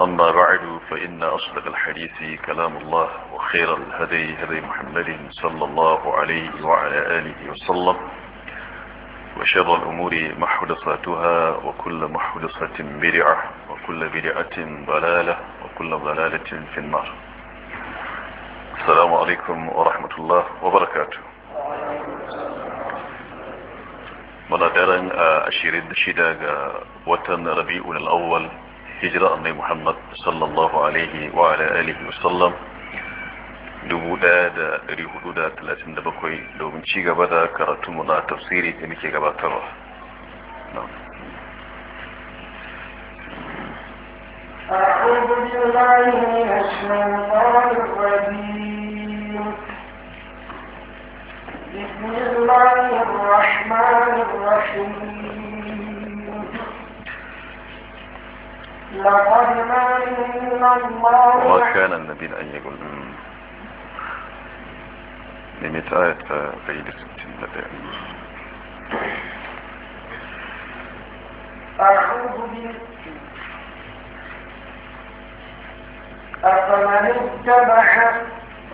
أما بعد فإن أصدق الحديث كلام الله وخير الهدي هدي محمد صلى الله عليه وعلى آله وسلم وشر الأمور محدثاتها وكل محدثة برعة وكل برعة ضلالة وكل ضلالة في النار السلام عليكم ورحمة الله وبركاته منا daren 26 ga watan Rabi'ul Awwal هجرة أمي محمد صلى الله عليه وعلى آله وسلم دو دا دا ري حدودا تلاتم دا بكوي دو من چي غبا دا كارتو منا تفسيري اني كي غبا ترى أعوذ بالله من الشيطان الرجيم بسم الله الرحمن الرحيم لقد من الله وكان النبي أن يقول لمئة آية فغير ستين دقيقة أعوذ بالله أفمن اتبع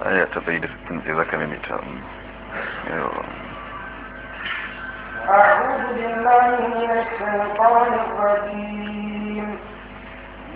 آية تبعيد إذا كان أيوة. أعوذ بالله من الشيطان الرجيم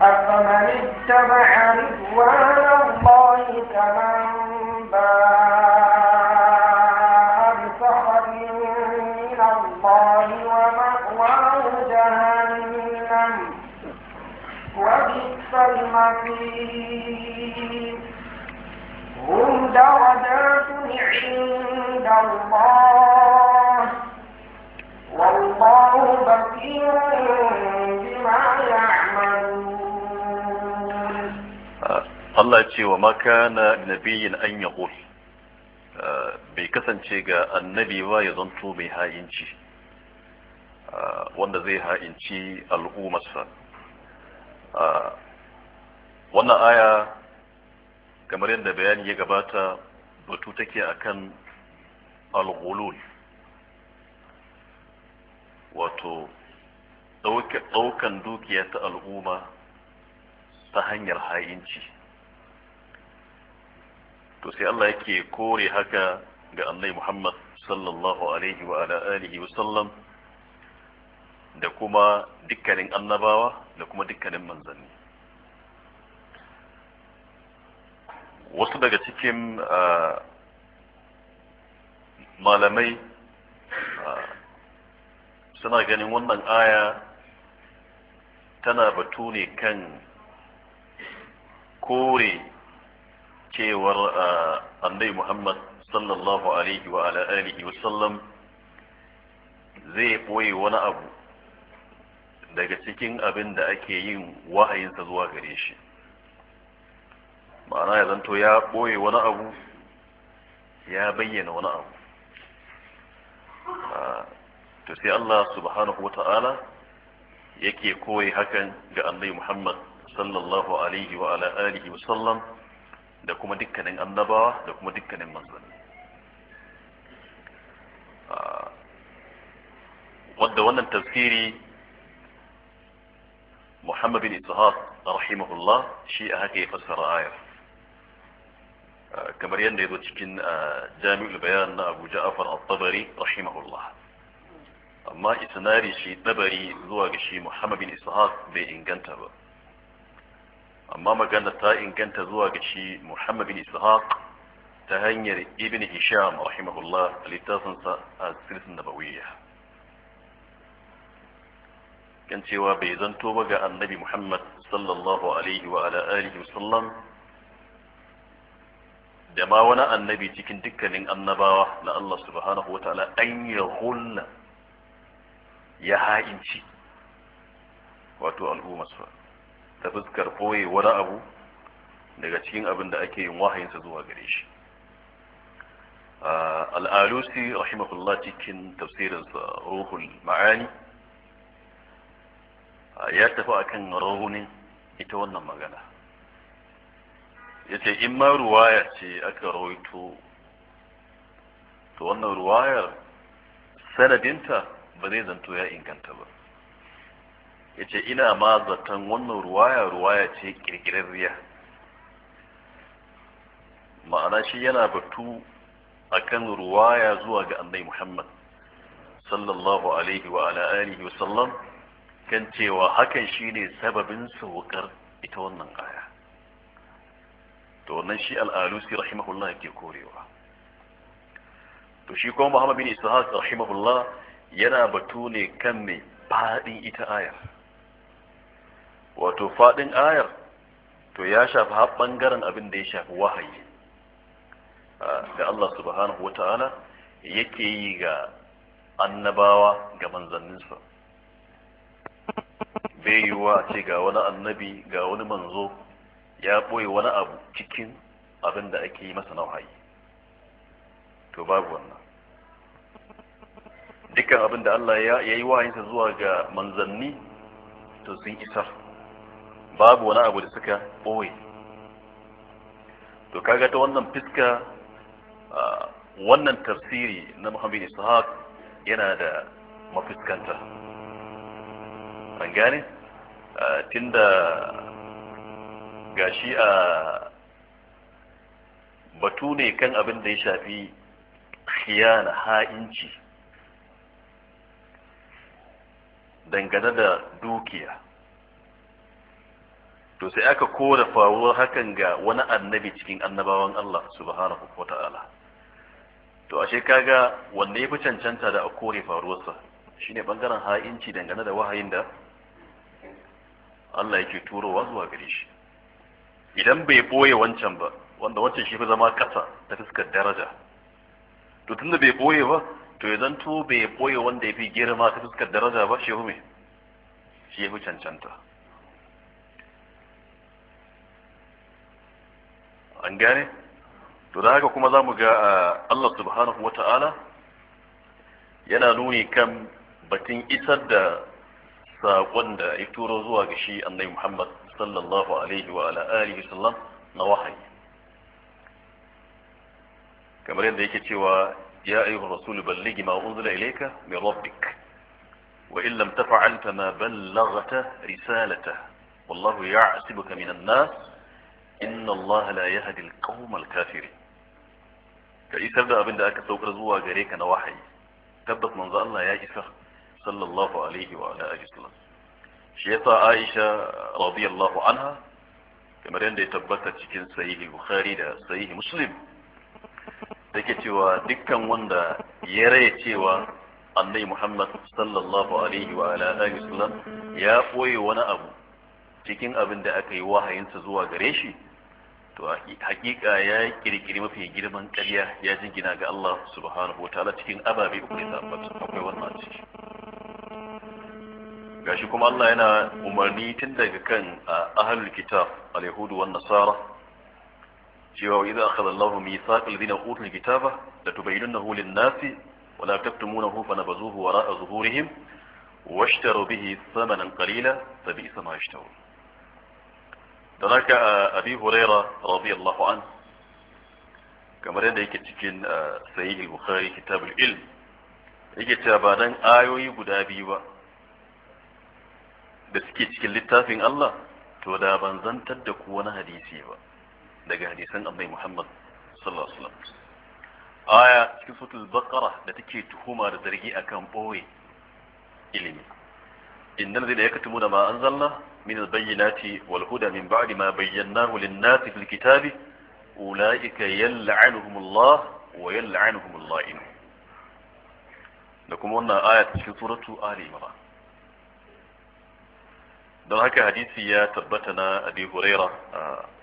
أفمن اتبع رضوان الله كمن باء بسخط من الله ومأواه جهنم وبئس المصير هم درجات عند الله Allah ce wa na nabiyin an yaqul uh, bai kasance ga annabi ba ya zanto mai ha'inci uh, wanda zai ha'inci al'ummarsa uh, wannan aya kamar yadda bayani ya gabata batu take a kan ghulul wato ɗaukan dukiya ta al'umma ta hanyar ha'inci to sai Allah yake kore haka ga annai Muhammad sallallahu alaihi wa ala alihi wa sallam da kuma dukkanin annabawa da kuma dukkanin manzanni wasu daga cikin malamai suna ganin wannan aya tana batu ne kan kore cewar annabi Muhammad sallallahu alaihi wa ala alihi wa sallam zai ɓoye wani abu daga cikin abin da ake yin wahayinsa zuwa gare shi ma'ana ya zanto ya ɓoye wani abu ya bayyana wani abu to sai Allah subhanahu wata'ala yake koyi hakan ga annabi Muhammad sallallahu alaihi wa ala alihi wa sallam da kuma dukkanin annabawa da kuma dukkanin manzanni wadda wannan tafsiri Muhammad bin Ishaq rahimahullah shi a haka ya fassara ayar kamar yadda ya zo cikin jami'ul bayan na Abu Ja'far al-Tabari rahimahullah amma isnari shi tabari zuwa ga shi Muhammad bin Ishaq bai inganta ba amma magana ta inganta zuwa ga shi Muhammad bin Ishaq ta hanyar Ibn Hisham rahimahullah littafin sa a sirrin nabawiyya kan cewa bai zanto ba ga Annabi Muhammad sallallahu alaihi wa ala alihi wasallam da ma wani annabi cikin dukkanin annabawa na Allah subhanahu wa ta'ala an ya hulna ya ha'inci wato al'ummar ta fuskar boye wani abu daga cikin abin da ake yin wahayinsa zuwa gare shi al'alusi rahimahullah cikin tafsirinsa ruhul ma'ani ya tafi akan rahunin ita wannan magana ya ce in ma ruwaya ce aka rawaito to wannan ruwayar sanadinta ba zai zanto ya inganta ba ya ce ina ma zaton wannan ruwaya ruwaya ce ƙirƙirarriya ma'ana shi yana batu akan ruwaya zuwa ga annai muhammad sallallahu alaihi wa ala alihi wasallam kan cewa hakan shi ne sababin saukar ita wannan aya to wannan shi al'alusi rahimahullah ke korewa to shi kuma muhammad bin ishaq rahimahullah yana batu ne kan mai faɗin ita ayar wato faɗin ayar to ya shafi har ɓangaren abin da ya shafi wahayi da Allah subhanahu wata'ala yake yi ga annabawa ga manzanninsa bai yi wa ce ga wani annabi ga wani manzo ya ɓoye wani abu cikin abin da ake yi masa nauhayi to babu wannan dukkan abin da Allah ya yi wahayinsa zuwa ga manzanni to sun isa. babu wani abu da suka ɓoye to kaga ta wannan fiska wannan tafsiri na muhammadu ishaq yana da mafiskanta an gane tunda gashi a batu ne kan abin da ya shafi khiyana ha'inci dangane da dukiya to sai aka kora faruwar hakan ga wani annabi cikin annabawan Allah subhanahu wa ta'ala to ashe kaga wanne ya fi cancanta da a kore faruwarsa shine bangaren ha'inci dangane da wahayin da Allah yake turowa zuwa gare shi idan bai boye wancan ba wanda wancan shi fi zama kasa ta fuskar daraja to tunda bai boye ba to ya zanto bai boye wanda ya fi girma ta fuskar daraja ba shehu me shi ya fi cancanta an gane to da haka kuma za mu ga Allah subhanahu wata'ala yana nuni kan batun isar da saƙon da ya turo zuwa ga shi annai Muhammad sallallahu alaihi wa ala alihi sallam na wahayi kamar yadda yake cewa ya ayyuhar rasul balligi ma unzila ilayka min rabbik wa in lam taf'al fa ma ballaghta risalata wallahu ya'sibuka minan nas inna Allah la yahdi al-qawm al-kafiri ka isar da abin da aka saukar zuwa gare ka na wahayi tabbas manzo Allah ya isa sallallahu alaihi wa ala alihi wasallam shi yasa Aisha radiyallahu anha kamar yadda ya tabbata cikin sahihi Bukhari da sahihi Muslim take cewa dukkan wanda ya raye cewa annabi Muhammad sallallahu alaihi wa ala alihi wasallam ya koyi wani abu cikin abin da aka yi wahayinsa zuwa gare shi to hakika ya kirkiri mafi girman karya ya jingina ga Allah subhanahu wataala cikin ababe uku da ambata akwai wannan ciki gashi kuma Allah yana umarni tun daga kan ahlul kitab al-yahudu wan nasara cewa idza akhadha Allahu mithaqa alladhina utul kitaba latubayyinunahu lin-nasi wa la taktumunahu fanabazuhu wara'a zuhurihim واشتروا به ثمنا قليلا فبئس ما يشترون da haka abi huraira radiyallahu an kamar yadda yake cikin sahih al-bukhari yake cewa ba dan ayoyi guda biyu ba da suke cikin littafin Allah to da ban zantar da ku wani hadisi ba daga hadisan annabi Muhammad sallallahu alaihi wasallam aya cikin suratul baqara da take tuhuma da zargi akan boye ilimi innal ladina yaktumuna ma anzalna من البينات والهدى من بعد ما بيناه للناس في الكتاب أولئك يلعنهم الله ويلعنهم اللائمون لكم هنا آية في سورة آل عمران don haka hadisi ya tabbata na abi huraira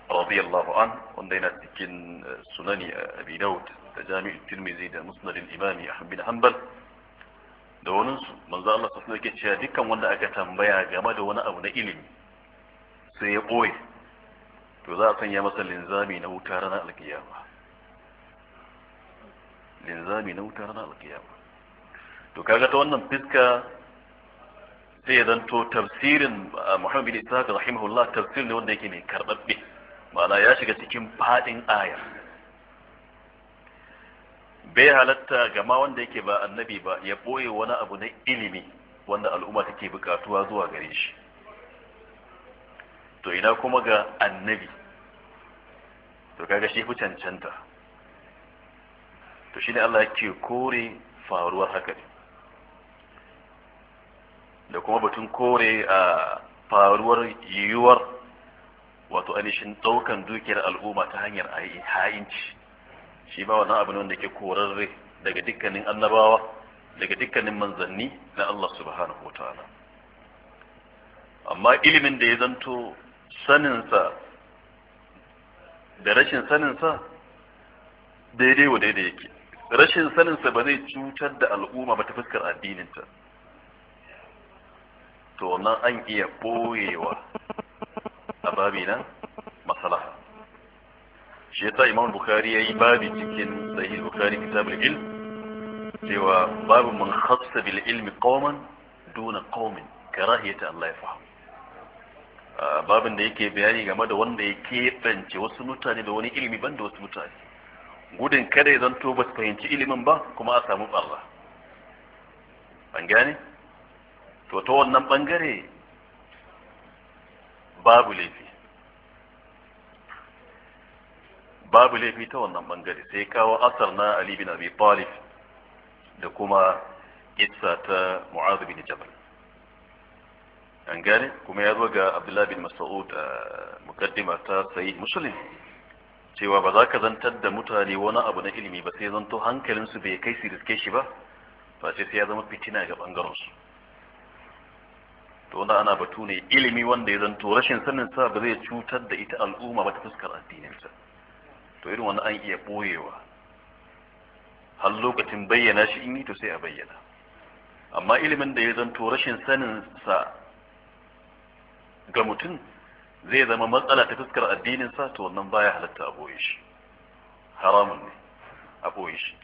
radiyallahu an wanda yana cikin sunani abi daud da jami'in tirmizi da musnad al-imami ahmad bin hanbal da wani su manzo Allah sallallahu alaihi cewa dukkan wanda aka tambaya game da wani abu na ilimi sai ya boye to za a sanya masa linzami na wuta ranar alkiyama linzami na wuta ranar alkiyama to kaga ta wannan fiska sai ya zanto tafsirin ah, Muhammad bin Isa rahimahullah tafsir ne wanda yake mai karbabbe ma'ana ya shiga cikin fadin ayar bai halatta gama wanda yake ba annabi ba ya boye wani abu na ilimi wanda al'umma take bukatuwa zuwa gare shi to ina kuma ga annabi to kaga shi fi cancanta to shine Allah yake kore faruwar haka da kuma batun kore a faruwar yiwuwar wato ainihin daukan dukiyar al'umma ta hanyar ha'inci shi ba wannan abu ne wanda ke korarre daga dukkanin annabawa daga dukkanin manzanni na Allah subhanahu wa ta'ala amma ilimin da ya zanto saninsa da rashin saninsa daidai wa daidai yake rashin saninsa ba zai cutar da al'umma ba ta fuskar addininta to nan an iya boyewa a babina masalaha shi yasa imam bukhari yayi babi cikin sahih bukhari kitabul ilm cewa babu man khassa bil ilmi qawman duna qawmin karahiyata Allah ya fahimu babin da yake bayani game da wanda ya keɓance wasu mutane da wani ilimi ban da wasu mutane gudun kada ya zanto ba su fahimci ilimin ba kuma a samu ɓarra an gane to ta wannan ɓangare babu laifi babu laifi ta wannan bangare sai kawo asar na Ali bin Abi Talib da kuma kissa ta Mu'adh bin Jabal an gane kuma ya zo ga Abdullah bin Mas'ud a mukaddima ta Sahih Muslim cewa ba za ka zantar da mutane wani abu na ilimi ba sai zanto su bai kai su riske shi ba ba sai sai ya zama fitina ga bangarensu to wanda ana batu ne ilimi wanda ya zanto rashin sanin sa ba zai cutar da ita al'umma ba ta fuskar addininsa to irin wani an iya ɓoyewa har lokacin bayyana shi in yi to sai a bayyana amma ilimin da ya zanto rashin sanin sa ga mutum zai zama matsala ta fuskar addinin sa to wannan baya halatta a boye shi haramun ne a boye shi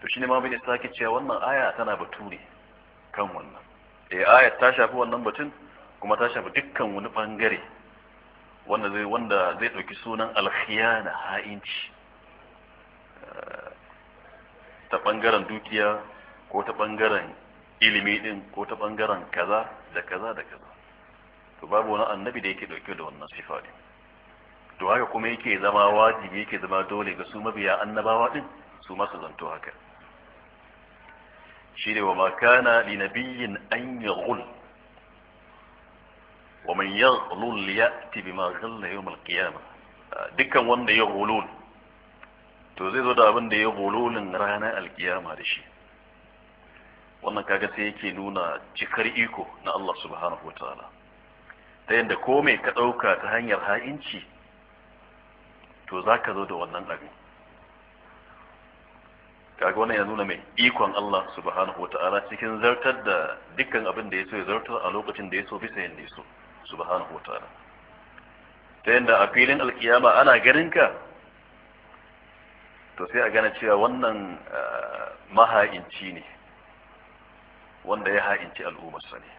to shi ne ma bin ke cewa wannan aya tana batu ne kan wannan eh aya ta shafi wannan batun kuma ta shafi dukkan wani bangare wanda zai wanda zai ɗauki sunan alkhiyana ha'inci eh, ta ɓangaren dukiya ko ta ɓangaren ilimi din ko ta ɓangaren kaza da kaza da kaza to babu wani annabi da yake ɗauke da wannan sifa ne to haka kuma yake zama wajibi yake zama dole ga su mabiya annabawa din su masu zanto haka shi ne wa makana li nabiyyin an yaghul wa man yaghlul ya'ti bima ghalla yawm al-qiyamah dukkan wanda ya ghulul to zai zo da abin da ya ghululin ranar alkiyama da shi wannan kaga sai yake nuna cikar iko na Allah subhanahu wataala ta yadda ko mai ka ɗauka ta hanyar ha'inci to za ka zo da wannan abin kaga wannan ya nuna mai ikon Allah subhanahu wa ta'ala cikin zartar da dukkan abin da ya so ya zartar a lokacin da ya so bisa yadda ya so subhanahu wa ta'ala ta yadda a filin alkiyama ana ganin ka to sai a gane cewa wannan eh, maha'inci ne wanda ya ha'inci al'ummarsa ne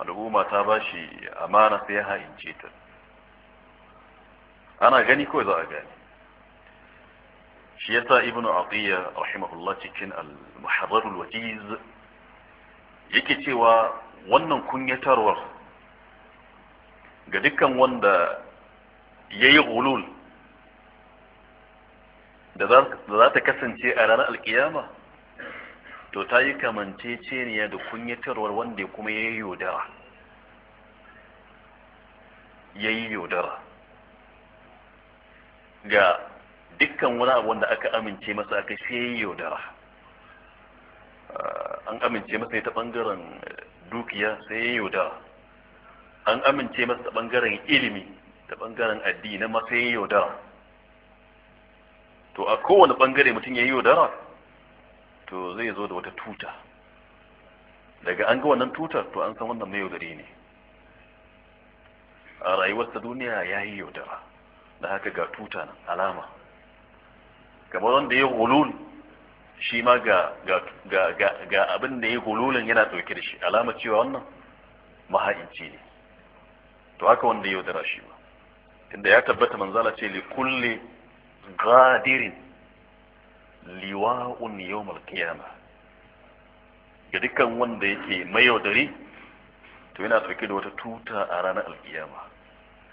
al'umma ta ba shi amana sai ya ha'ince ta ana gani ko za a gani shi yasa ibnu atiyya rahimahullah cikin al-muharrar al cewa wannan kunyatarwar ga dukkan wanda ya yi gulul da za ta kasance a ranar alkiyama to ta yi kamanceceniya da kunyatarwar wanda kuma ya yi yaudara ya yi yaudara ga dukkan wani abu wanda aka amince masa aka shi ya yi yaudara an amince masa ta bangaren dukiya sai ya yauda an amince masa ta bangaren ilimi da ɓangaren addini ma sai ya yauda to a kowane ɓangare mutum ya yi yaudara to zai zo da wata tuta daga an ga wannan tutar to an san wannan mai yaudari ne a rayuwarsa duniya ya yi yaudara da haka ga tuta alama kamar wanda ya hulul shi ma ga ga abin da ya hululin yana ɗauke da shi alama cewa wannan maha'inci ne to haka wanda ya yaudara shi ba inda ya tabbata manzala ce li kulli gadirin liwa'un yawmal qiyamah ga dukkan wanda yake yaudari to yana ɗauke da wata tuta a ranar alkiyama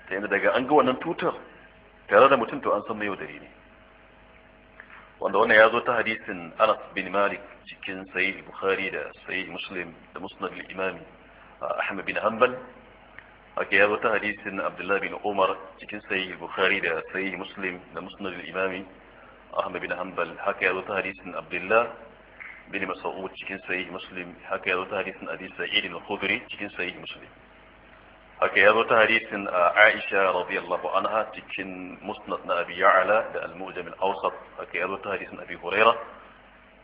ta yadda daga an ga wannan tutar tare da mutum to an san yaudari ne wanda wannan ya zo ta hadisin Anas bin Malik cikin Sahih Bukhari da Sahih Muslim da Musnad al-Imam Ahmad bin Hanbal ake ya zo ta hadisin Abdullah bin Umar cikin Sahih Bukhari da Sahih Muslim da Musnad al-Imam Ahmad bin Hanbal haka ya zo ta hadisin Abdullah bin Mas'ud cikin Sahih Muslim haka ya zo ta hadisin Abi Sa'id al-Khudri cikin Sahih Muslim Okay, ya zo ta hadisin Aisha radiyallahu anha cikin Musnad na Abi Ya'la da Al-Mu'jam al-Awsat Okay, ya zo ta hadisin Abi Huraira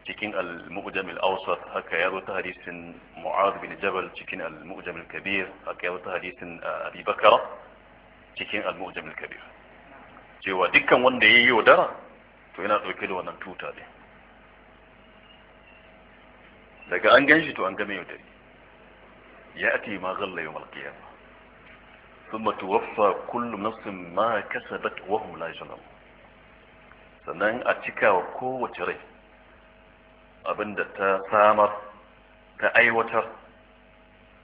cikin Al-Mu'jam al-Awsat haka ya zo ta hadisin Mu'adh bin Jabal cikin Al-Mu'jam al-Kabir haka ya zo ta hadisin Abi Bakr cikin Al-Mu'jam al-Kabir cewa dukkan wanda yayi yaudara to yana dauke da wannan tuta ne daga an ganshi to an ga mai yaudari ya ma ghalla yawm al-qiyamah ثم توفى كل نفس ما كسبت وهم لا يجنون sannan a cika wa kowace rai abinda ta samar ta aiwatar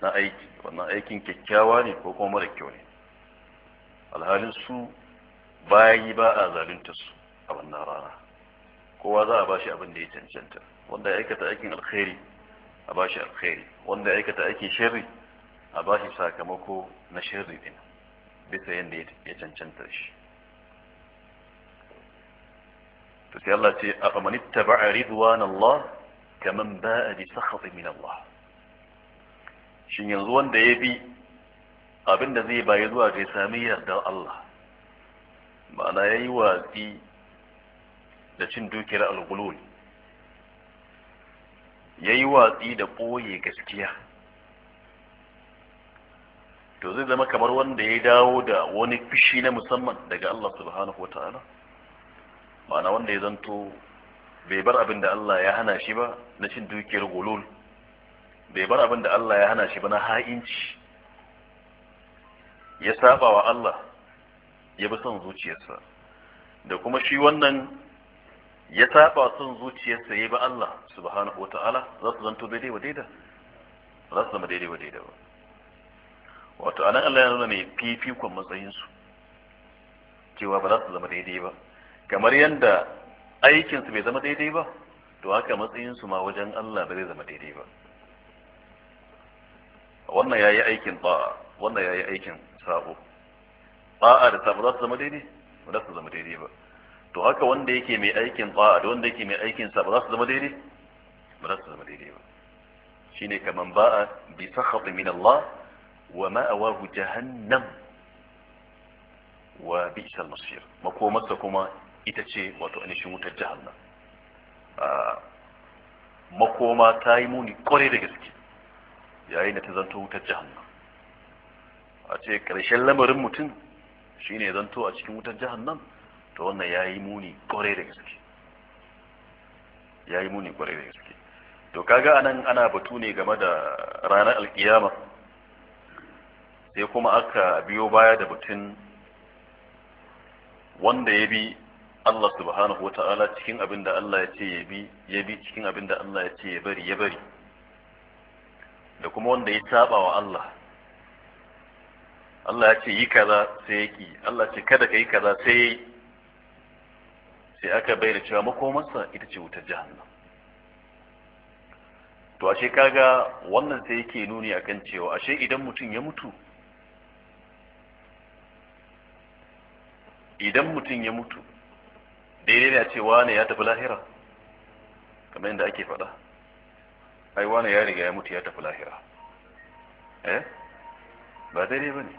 na aiki wannan aikin kyakkyawa ne ko kuma mara kyau ne alhalin su bayi ba a zalunta su a wannan rana kowa za a bashi abin da ya cancanta wanda ya aikata aikin alkhairi a bashi alkhairi wanda ya aikata aikin sharri a ba shi sakamako na shirin din bisa yadda ya cancanta shi to sai Allah ce a faman ittaba'a ridwan Allah kaman ba'a bi sakhati min Allah shin yanzu wanda ya bi abinda zai bayi zuwa ga sami yardar Allah ma'ana yayi watsi da cin dukiyar al yayi watsi da ɓoye gaskiya to zai zama kamar wanda ya dawo da wani fishi na musamman daga Allah subhanahu wa ta'ala ma'ana wanda ya zanto bai bar abin da Allah ya hana shi ba na cin dukiyar gulul bai bar abin da Allah ya hana shi ba na ha'inci ya saba wa Allah ya bi son zuciyarsa da kuma shi wannan ya saba son zuciyarsa ya bi Allah subhanahu wa ta'ala za su zanto daidai wa ba za su zama daidai wa daidai ba wato anan Allah ya nuna ne fifikon matsayinsu cewa ba za su zama daidai ba kamar yadda aikinsu bai zama daidai ba to haka matsayinsu ma wajen Allah ba zai zama daidai ba wannan ya yi aikin ba'a wannan ya yi aikin sabo ba'a da sabo za su zama daidai ba za su zama daidai ba to haka wanda yake mai aikin ba'a da wanda yake mai aikin sabo za su zama daidai ba za su zama daidai ba shine kaman ba'a bi sakhat min Allah wa ma'awahu jahannam wa bi'sal masir makomarsa kuma ita ce wato anishin wutar jahannam makoma ta yi muni kwarai da gaske yayin da ta zanto wutar jahannam a ce karshen lamarin mutum shine zanto a cikin wutar jahannam to wannan ya yi muni kwarai da gaske ya yi muni kwarai da gaske to kaga anan ana batu ne game da ranar alkiyama sai kuma aka biyo baya da mutum wanda ya bi Allah subhanahu wata'ala cikin abin Allah ya ce ya bi ya bi cikin abin Allah ya ce ya bari ya bari da kuma wanda ya saba wa Allah Allah ya ce yi kaza sai ya ki Allah ce kada ka yi kaza sai sai aka bayyana cewa makomarsa ita ce wutar jahannam to ashe kaga wannan sai yake nuni akan cewa ashe idan mutum ya mutu idan mutum ya mutu daidai ne a ce wane ya tafi lahira kamar yadda ake faɗa ai wane ya riga ya mutu ya tafi lahira eh ba daidai ba ne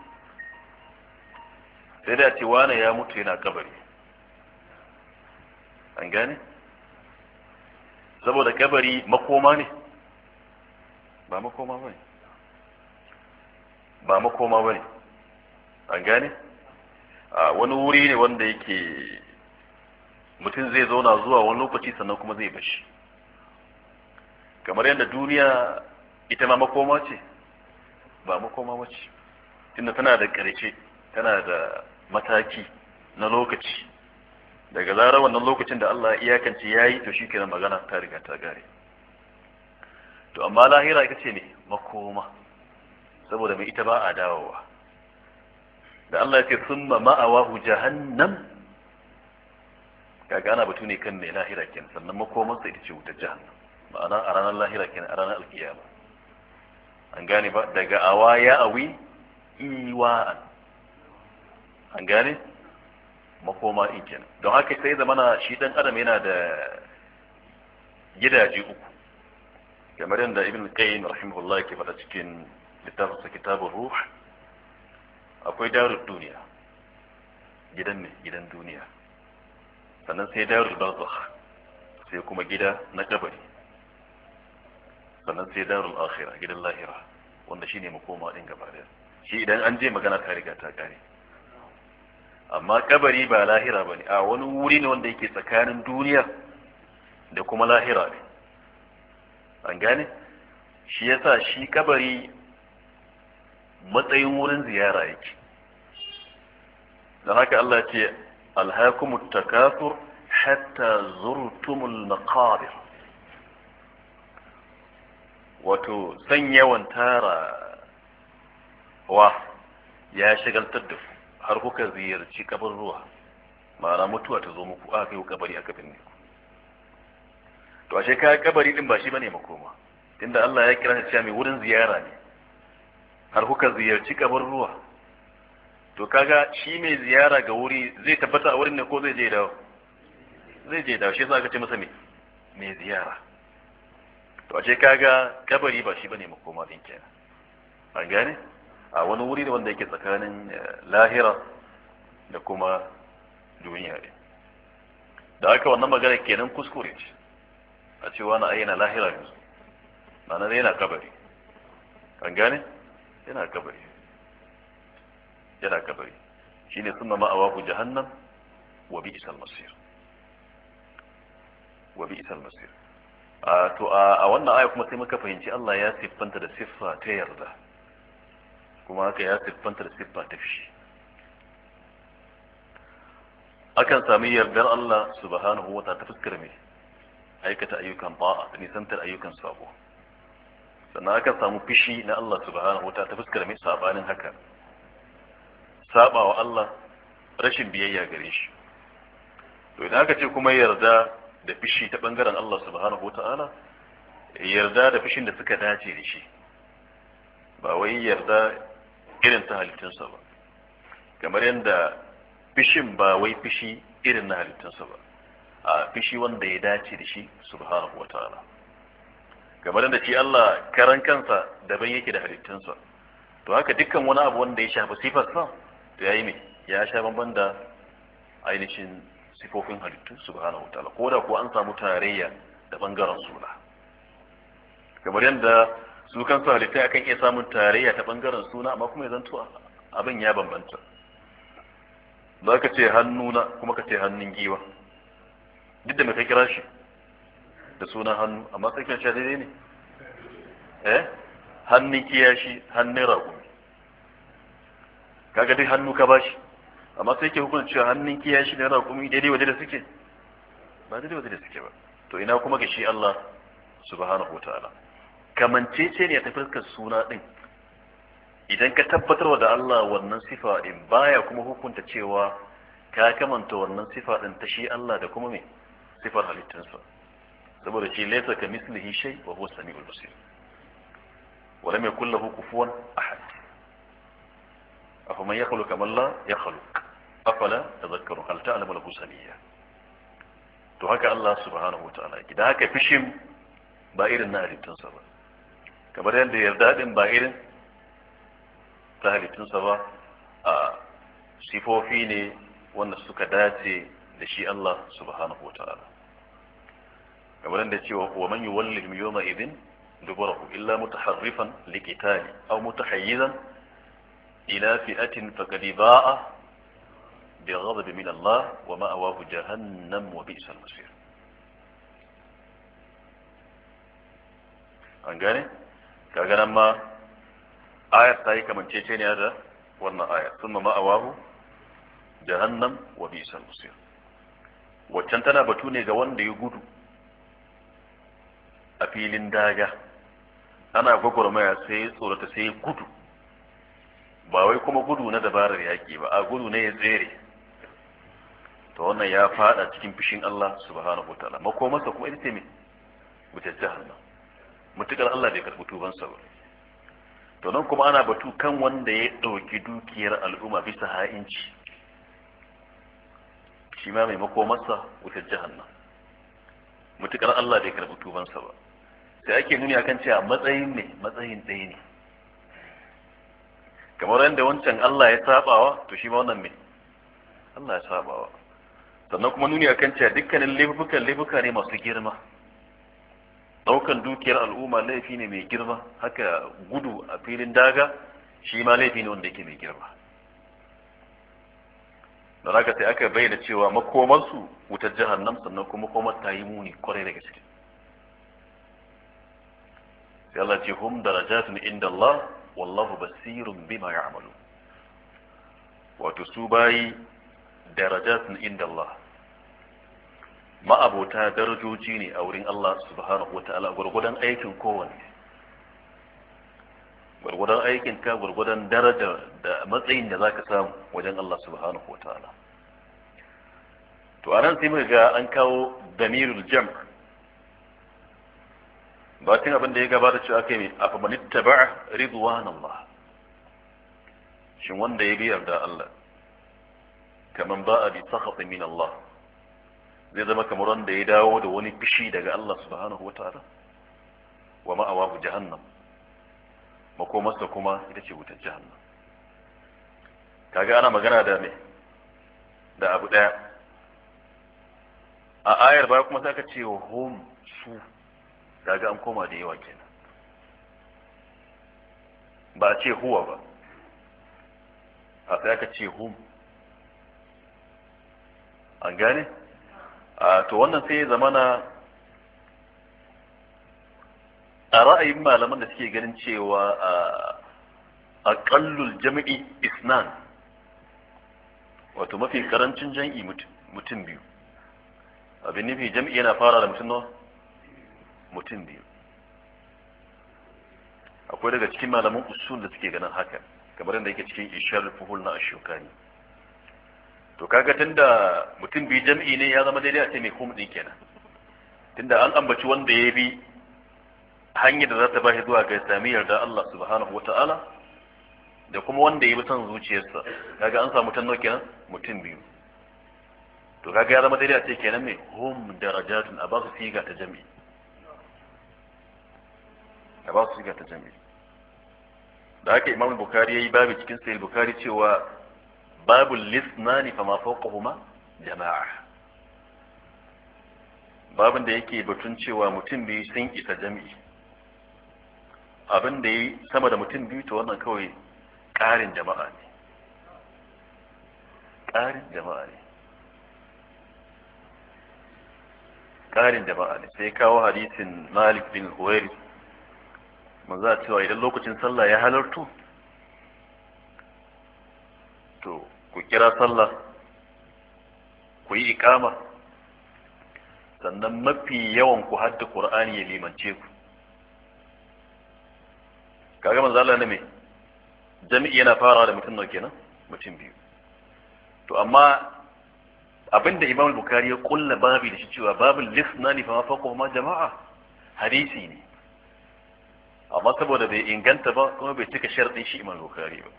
Daidai da ce wane ya mutu yana kabari an gane saboda kabari makoma ne ba makoma ba ne ba makoma ba ne an gane wani wuri ne wanda yake mutum zai zauna zuwa wani lokaci sannan kuma zai bashi kamar yadda duniya ita ma makoma ce ba makoma mace tunda tana da ƙarshe tana da mataki na lokaci daga zarar wannan lokacin da Allah iyakance ya yi to shi kenan magana ta riga ta gare to amma lahira ita ce ne makoma saboda mai ita ba a dawowa da Allah ya ce thumma ma'awahu jahannam kaga ana batu ne kan mai lahira kenan sannan makomansa ita ce wutar jahannam ma'ana a ranar lahira kenan a ranar alkiyama an gane ba daga awa ya awi iwa'an an gane makoma in kenan don haka sai zamana shi dan adam yana da gidaje uku kamar yadda ibn qayyim rahimahullah ke faɗa cikin littafinsa kitabur ruh akwai darul duniya gidan ne gidan duniya sannan sai darul barzakh sai kuma gida na kabari sannan sai darul akhira gidan lahira wanda shine makoma din gaba da shi idan an je magana ta riga ta kare amma kabari ba lahira bane a wani wuri ne wanda yake tsakanin duniya da kuma lahira ne an gane shi yasa shi kabari matsayin wurin ziyara yake don haka Allah ce alhakumut takathur hatta zurtumul maqabir wato san yawan tara wa ya shagaltar da har kuka ziyarci kabar ruwa mara mutuwa ta zo muku aka yi kabari aka binne ku to ashe ka kabari din ba shi bane makoma Inda Allah ya kira shi cewa mai wurin ziyara ne har kuka ziyarci ruwa? to kaga shi mai ziyara ga wuri zai tabbata a wurin ne ko zai je dawo zai je dawo shi yasa aka ce masa me mai ziyara to ce kaga kabari ba shi bane makoma din kenan an gane a wani wuri ne wanda yake tsakanin eh, lahira da kuma duniya ne da aka wannan magana kenan kuskure ce a cewa na ayyana lahira yanzu ma'ana yana kabari an gane yana kabari yana kabari Shi ne shine sunna ma'awahu jahannam wa bi bi'sal masir wa bi bi'sal masir to a wannan aya kuma sai muka fahimci Allah ya siffanta da siffa ta yarda kuma haka ya siffanta da siffa ta fishi akan sami yardar Allah subhanahu wa ta fuskar mai aikata ayyukan ba'a da nisantar ayyukan sabo sannan aka samu fishi na Allah subhanahu wata ta fuskar mai sabanin haka sabawa Allah rashin biyayya gare shi to idan aka ce kuma yarda da fishi ta bangaren Allah subhanahu wata'ala yarda da fishin da suka dace da shi ba wai yarda irin ta halittunsa ba kamar yadda fishin ba wai fishi irin na halittunsa ba a fishi wanda ya dace da shi subhanahu wata'ala kamar da shi Allah karan kansa daban yake da halittunsa to haka dukkan wani abu wanda ya shafi sa to yayi ne ya sha bamban da ainihin sifofin halittu subhanahu wataala ko da ko an samu tarayya da bangaren suna kamar yadda su kansu halittai akan iya samun tarayya ta bangaren suna amma kuma ya zanto abin ya bambanta za ka ce hannuna kuma ka ce hannun giwa duk da mai ka kira shi da sunan hannu amma sai ka daidai ne eh hannun kiyashi hannun rago kaga duk hannu ka bashi amma sai ke hukunta cewa hannun kiyashi da raƙumi daidai waje da suke ba daidai waje da suke ba to ina kuma ga shi Allah subhanahu wataala kamancece ne ta fuskar suna din idan ka tabbatar da Allah wannan sifa din baya kuma hukunta cewa ka kamanta wannan sifa din ta shi Allah da kuma me sifar halittunsa saboda shi laysa ka mislihi shay wa huwa samiul basir wa lam yakul lahu kufuwan ahad afaman yakhluq kama la yakhluq afala tadhakkaru hal ta'lamu lahu samiyya to haka Allah subhanahu wataala yake da haka fishin ba irin na halittunsa ba kamar yadda yarda din ba irin ta halittunsa ba a sifofi ne wanda suka dace da shi Allah subhanahu wataala kamar da cewa wa man yuwallihim yawma idin duburahu illa mutaharrifan liqitali aw mutahayyizan ila fi'atin faqad ba'a bi ghadab min Allah wa ma'awahu jahannam wa bi'sal masir an gane kaga nan ma ayat ta yi kamanceceniya da wannan ayat sun ma'awahu jahannam wa bi'sal masir waccan tana batu ne ga wanda ya gudu a filin daga ana gwagwarmaya sai ya tsorata sai ya gudu ba wai kuma gudu na dabarar yaƙi ba a gudu ne ya tsere to wannan ya fada cikin fishin Allah subhanahu wa ta'ala makomarsa kuma ita ce mutacce hannu mutukar Allah bai karɓi tubansa ba to nan kuma ana batu kan wanda ya ɗauki dukiyar al'umma bisa ha'inci shi ma mai makomarsa wutar jahannam mutukar Allah bai karɓi tubansa ba da ake nuni akan cewa matsayin ne matsayin ɗaya ne kamar yadda wancan Allah ya sabawa to shi ma wannan ne Allah ya sabawa sannan kuma nuni akan cewa dukkanin laifukan laifuka ne masu girma daukan dukiyar al'umma laifi ne mai girma haka gudu a filin daga shi ma laifi ne wanda yake mai girma da haka sai aka bayyana cewa makomansu wutar jahannam sannan kuma makomar ta yi muni kwarai da gaske sai Allah ce hum darajatun inda Allah wallahu basirun bima ya'malu wato su bayi darajatun inda Allah ma'abota darajoji ne a wurin Allah subhanahu wata'ala gwargwadon aikin kowanne gwargwadon aikin ka gwargwadon daraja da matsayin da zaka samu wajen Allah subhanahu wata'ala to anan sai muka ga an kawo damirul jam' bakin abin da ya gabata cewa kai ne afa man ittaba'a Allah shin wanda ya bi yarda Allah kaman a bi sakhatin min Allah zai zama kamar wanda ya dawo da wani fishi daga Allah subhanahu wataala wa ma'awahu jahannam makomarsa kuma ita ce wutar jahannam kaga ana magana da me da abu daya a ayar baya kuma sai aka ce hum su kaga an koma da yawa kenan ba a ce huwa ba a ka ce hum an gane a to wannan sai ya zamana a ra'ayin malaman da suke ganin cewa a aƙallul jami'i isnan wato mafi karancin jami'i mutum biyu abin nufi jami'i yana fara da mutum nawa mutum biyu akwai daga cikin malaman usul da suke ganin haka kamar yadda yake cikin ishar fuhul na ashokani to kaga tunda mutum biyu jam'i ne ya zama daidai a ce mai hum din kenan tunda an ambaci wanda ya bi hanyar da za ta bashi zuwa ga sami da Allah subhanahu wata'ala da kuma wanda ya bi san zuciyarsa kaga an samu tanno kenan mutum biyu to kaga ya zama daidai a ce kenan mai hum darajatun a ba su siga ta jam'i Da ba su siga ta jami'i da haka imam bukari ya yi babu cikin sayil bukari cewa babu lisnani fa ma fawqahuma jama'a babin da yake batun cewa mutum biyu sun isa jami'i abin da yi sama da mutum biyu to wannan kawai ƙarin jama'a ne ƙarin jama'a ne ƙarin jama'a ne sai kawo hadisin malik bin huwairis Maza a cewa idan lokacin sallah ya halartu, to ku kira sallah ku yi ikama sannan mafi yawan ku hadda qur'ani ya limance ku kaga manzo Allah ne me jami'i yana fara da mutum nawa kenan mutum biyu to amma abinda Imam Bukhari ya kulla babi da shi cewa babul lisnani fa ma faqahu ma jama'a hadisi ne amma saboda bai inganta ba kuma bai cika sharɗin shi imam bukhari ba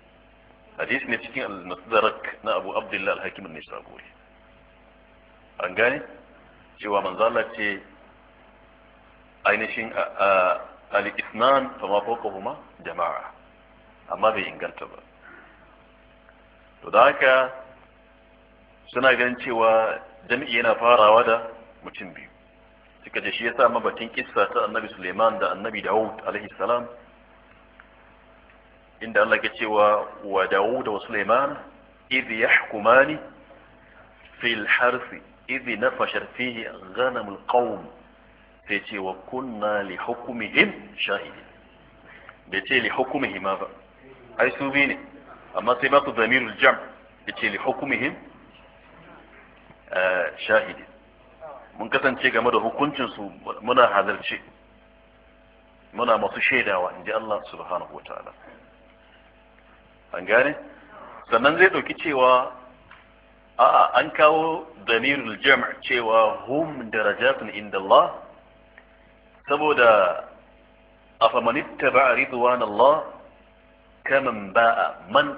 hadisi ne cikin al-musdarak na abu abdullah al-hakim an-nisaburi an gane cewa manzala ce ainihin al-ithnan fa ma fawqahuma jama'a amma bai inganta ba to da haka suna ganin cewa jami'i yana farawa da mutum biyu suka ce shi ya sa mabatin kissa ta annabi Suleiman da annabi Dawud alaihi salam inda Allah ke cewa wa Dawud wa Suleiman idh yahkumani fi al-harf idh nafashar fihi ghanam al qawm sai ce wa kunna li hukmihim shahidin bai ce li hukmihim ba ai su bi ne amma sai ba ku zamirul jam' yace li hukmihim shahidin mun kasance game da hukuncinsu muna halarci muna masu shaidawa in ji Allah subhanahu wataala an gane sannan zai ɗauki cewa a'a an kawo damirul jam' cewa hum darajatun inda Allah saboda afaman ittaba ridwan Allah kaman ba'a man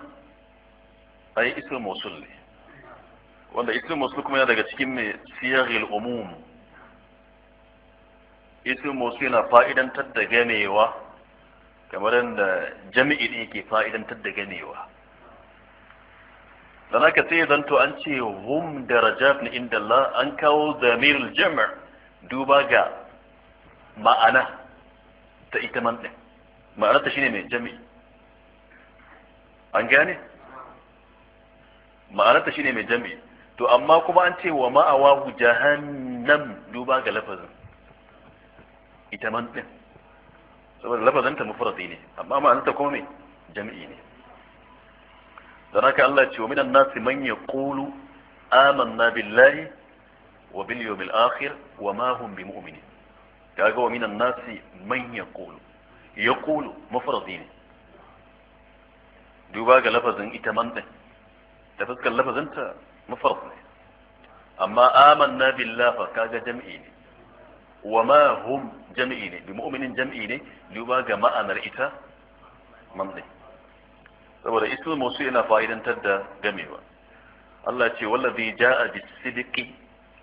ai ismu mawsul ne wanda ismul mawsul kuma yana daga cikin mai siyaghil umum ismul mawsul yana fa'idantar da ganewa kamar yadda jami'i ne ke fa'idantar da ganewa dan haka sai zanto an ce hum darajat ni inda Allah an kawo zamirul jam' duba ga ma'ana ta ita man din ma'anar ta shine mai jami'i an gane ma'anar ta shine mai jami'i to amma kuma an ce wa ma'awahu jahannam duba ga lafazin ita man din saboda lafazin ta mufradi ne amma ma'anar ta kome jami'i ne dan haka Allah ce wa minan nasi man yaqulu amanna billahi wa bil yawmil akhir wa ma hum bimu'minin kaga wa minan nasi man yaqulu yaqulu mufradi ne duba ga lafazin ita man din da fuskar lafazin ta مفرد ne amma amanna billah kaga jam'i ne wa ma hum jam'i ne bi mu'minin jam'i ne duba ga ma'anar ita mamdi saboda ismul mawsu yana fa'idantar da gamewa Allah ce wallazi ja'a bis-sidqi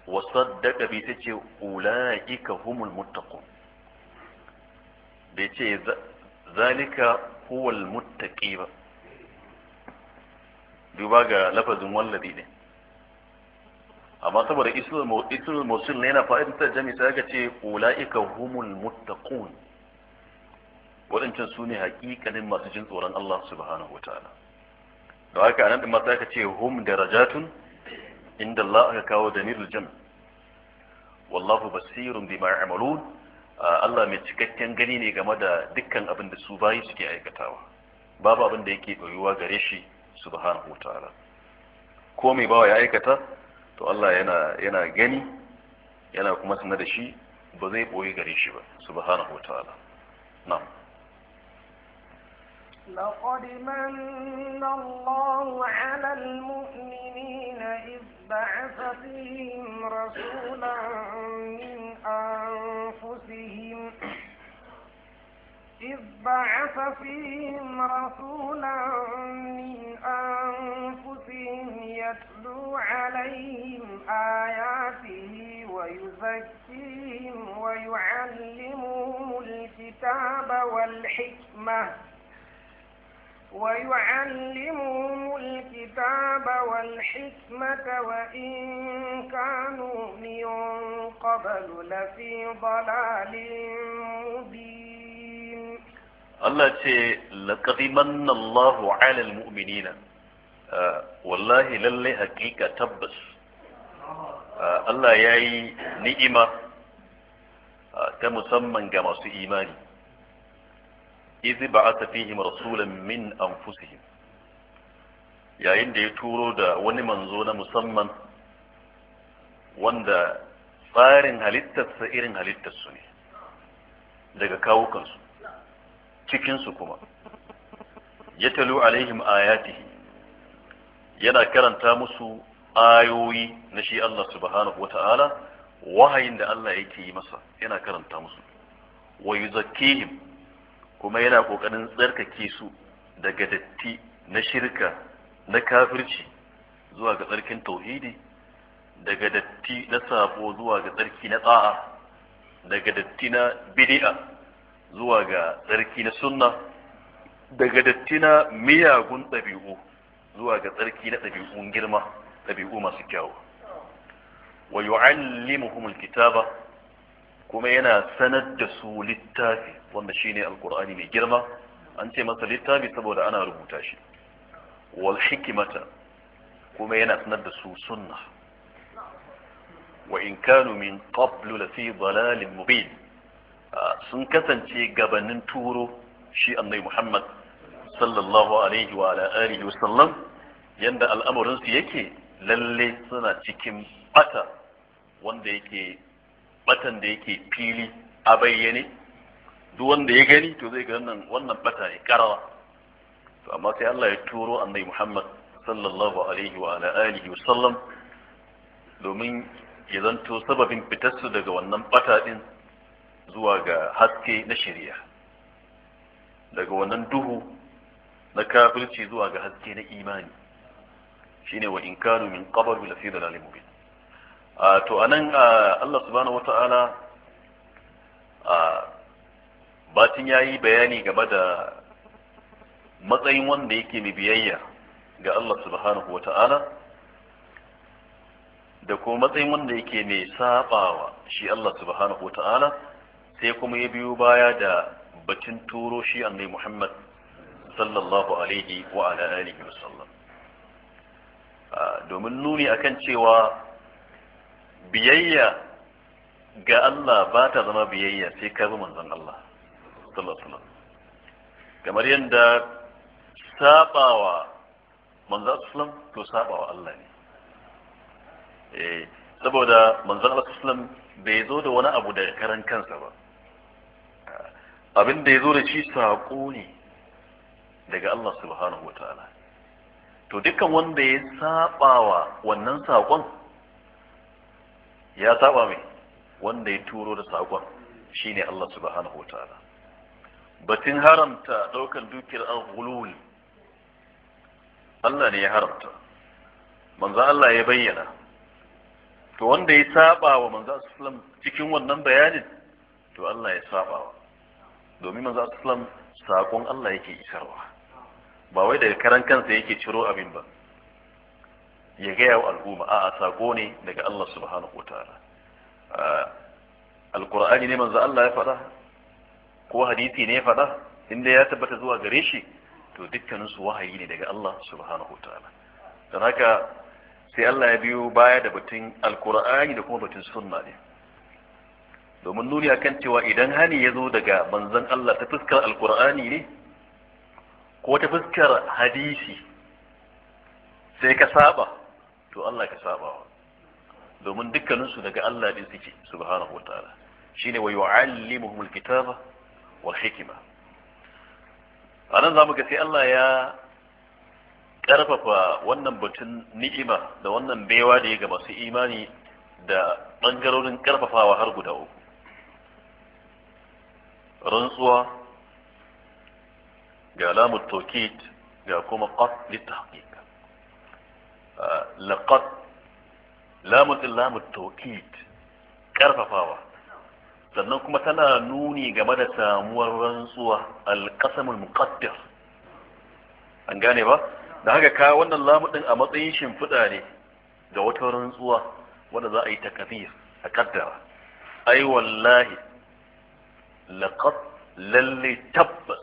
wa saddaqa bi tace ulaika bai ce zalika huwal ba ga lafazin wallazi ne amma saboda ismul musul ne yana fa'idantar jami sai aka ce ulaika humul muttaqun wadancan su ne hakikanin masu jin tsoron Allah subhanahu wataala da haka anan din aka ce hum darajatun inda Allah aka kawo damirul jam wallahu basirun bima ya'malun Allah mai cikakken gani ne game da dukkan abin da su bayi suke aikatawa babu abin da yake bayuwa gare shi subhanahu wataala ko mai bawa ya aikata to Allah yana yana gani yana kuma sanar da shi ba zai boye gare shi ba subhanahu wataala na'am لقد من الله على المؤمنين إذ بعث فيهم رسولا من أنفسهم إذ بعث فيهم رسولا من أنفسهم يتلو عليهم آياته ويزكيهم ويعلمهم الكتاب والحكمة ويعلمهم الكتاب والحكمة وإن كانوا من قبل لفي ضلال مبين Allah ce laqadimanna Allahu 'ala muminina uh, wallahi lalle hakika tabbas uh, Allah ya yi ni'ima uh, ta musamman ga masu imani izi ba a fihim rasulan min anfusihim yayin da ya turo da wani manzo na musamman wanda tsarin halittarsa irin halittarsu ne daga kawukansu cikinsu kuma ya talu alaihim ayatihi yana karanta musu ayoyi na shi Allah subhanahu wa wahayin da Allah yake yi masa yana karanta musu wa kuma yana kokarin tsarkake su daga datti na shirka na kafirci zuwa ga tsarkin tauhidi daga datti na sabo zuwa ga tsarki na tsa'a daga datti na bid'a zuwa ga tsarki na sunna daga datti na miyagun ɗabi'u zuwa ga tsarki na ɗabi'un girma ɗabi'u masu kyawu wa yu'allimuhum alkitaba kuma yana sanar da su littafi wanda shine alqur'ani mai girma an ce masa littafi saboda ana rubuta shi wal hikimata kuma yana sanar da su sunna wa in kanu min qablu lafi dalalin mubin sun kasance gabanin turo shi annai Muhammad sallallahu alaihi wa alihi wasallam yanda al'amuransu yake lalle suna cikin bata wanda yake batan da yake fili a bayyane duk wanda ya gani to zai ga wannan wannan bata ne karawa to amma sai Allah ya turo annai Muhammad sallallahu alaihi wa alihi wasallam domin ya zanto sababin fitarsu daga wannan bata din zuwa ga haske na shari'a daga wannan duhu na kafirci zuwa ga haske na imani shine wa in kanu min qabr bi fi dalal mubin a to anan Allah subhanahu wataala a batin yayi bayani game da matsayin wanda yake mai biyayya ga Allah subhanahu wataala da kuma matsayin wanda yake mai sabawa shi Allah subhanahu wataala sai kuma ya biyo baya da batun turo shi annai Muhammad sallallahu alaihi wa ala alihi wa sallam ah, domin nuni akan cewa biyayya ga Allah ba ta zama biyayya sai ka bi manzon Allah sallallahu alaihi wa sallam kamar yadda sabawa manzon sallam to sabawa Allah ne eh saboda manzon Allah bai zo da wani abu da karan kansa ba abin da ya zo da shi saƙo ne daga Allah subhanahu wataala to dukkan wanda ya sabawa wannan saƙon ya saba mai wanda ya turo da saƙon shine Allah subhanahu wataala batun haramta ɗaukar dukiyar al-ghulul Allah ne ya haramta manzo Allah ya bayyana to wanda ya saba wa manzo sallallahu cikin wannan bayanin to Allah ya saba wa domin manzo sallam sakon Allah yake isarwa ba wai daga karan kansa yake ciro abin ba ya gaya wa al'umma a'a sako ne daga Allah subhanahu wataala alqur'ani ne manzo Allah ya faɗa ko hadisi ne ya faɗa inda ya tabbata zuwa gare shi to dukkanin su wahayi ne daga Allah subhanahu wataala don haka sai Allah ya biyo baya da batun alqur'ani da kuma batun sunna ne domin nuni akan cewa idan hani ya zo daga manzon Allah ta fuskar alkur'ani ne ko ta fuskar hadisi sai ka saba to Allah ka sabawa domin dukkaninsu daga Allah din suke subhanahu wataala shine wa yu'allimuhumul kitaba wal hikma anan zamu ga sai Allah ya karfafa wannan batun ni'ima da wannan baiwa da ya ga masu imani da bangarorin karfafawa har guda uku rantsuwa ga alamu tokit ga kuma qat litahqiq ah, laqad lamutin lamun tokit karfafawa sannan kuma tana nuni game da samuwar rantsuwa alƙasamun muƙaddar. an gane ba da haka ka wannan lamuɗin a matsayin shimfiɗa ne ga wata rantsuwa wanda za a yi takafir a kaddara ai wallahi laqad lalle tabbas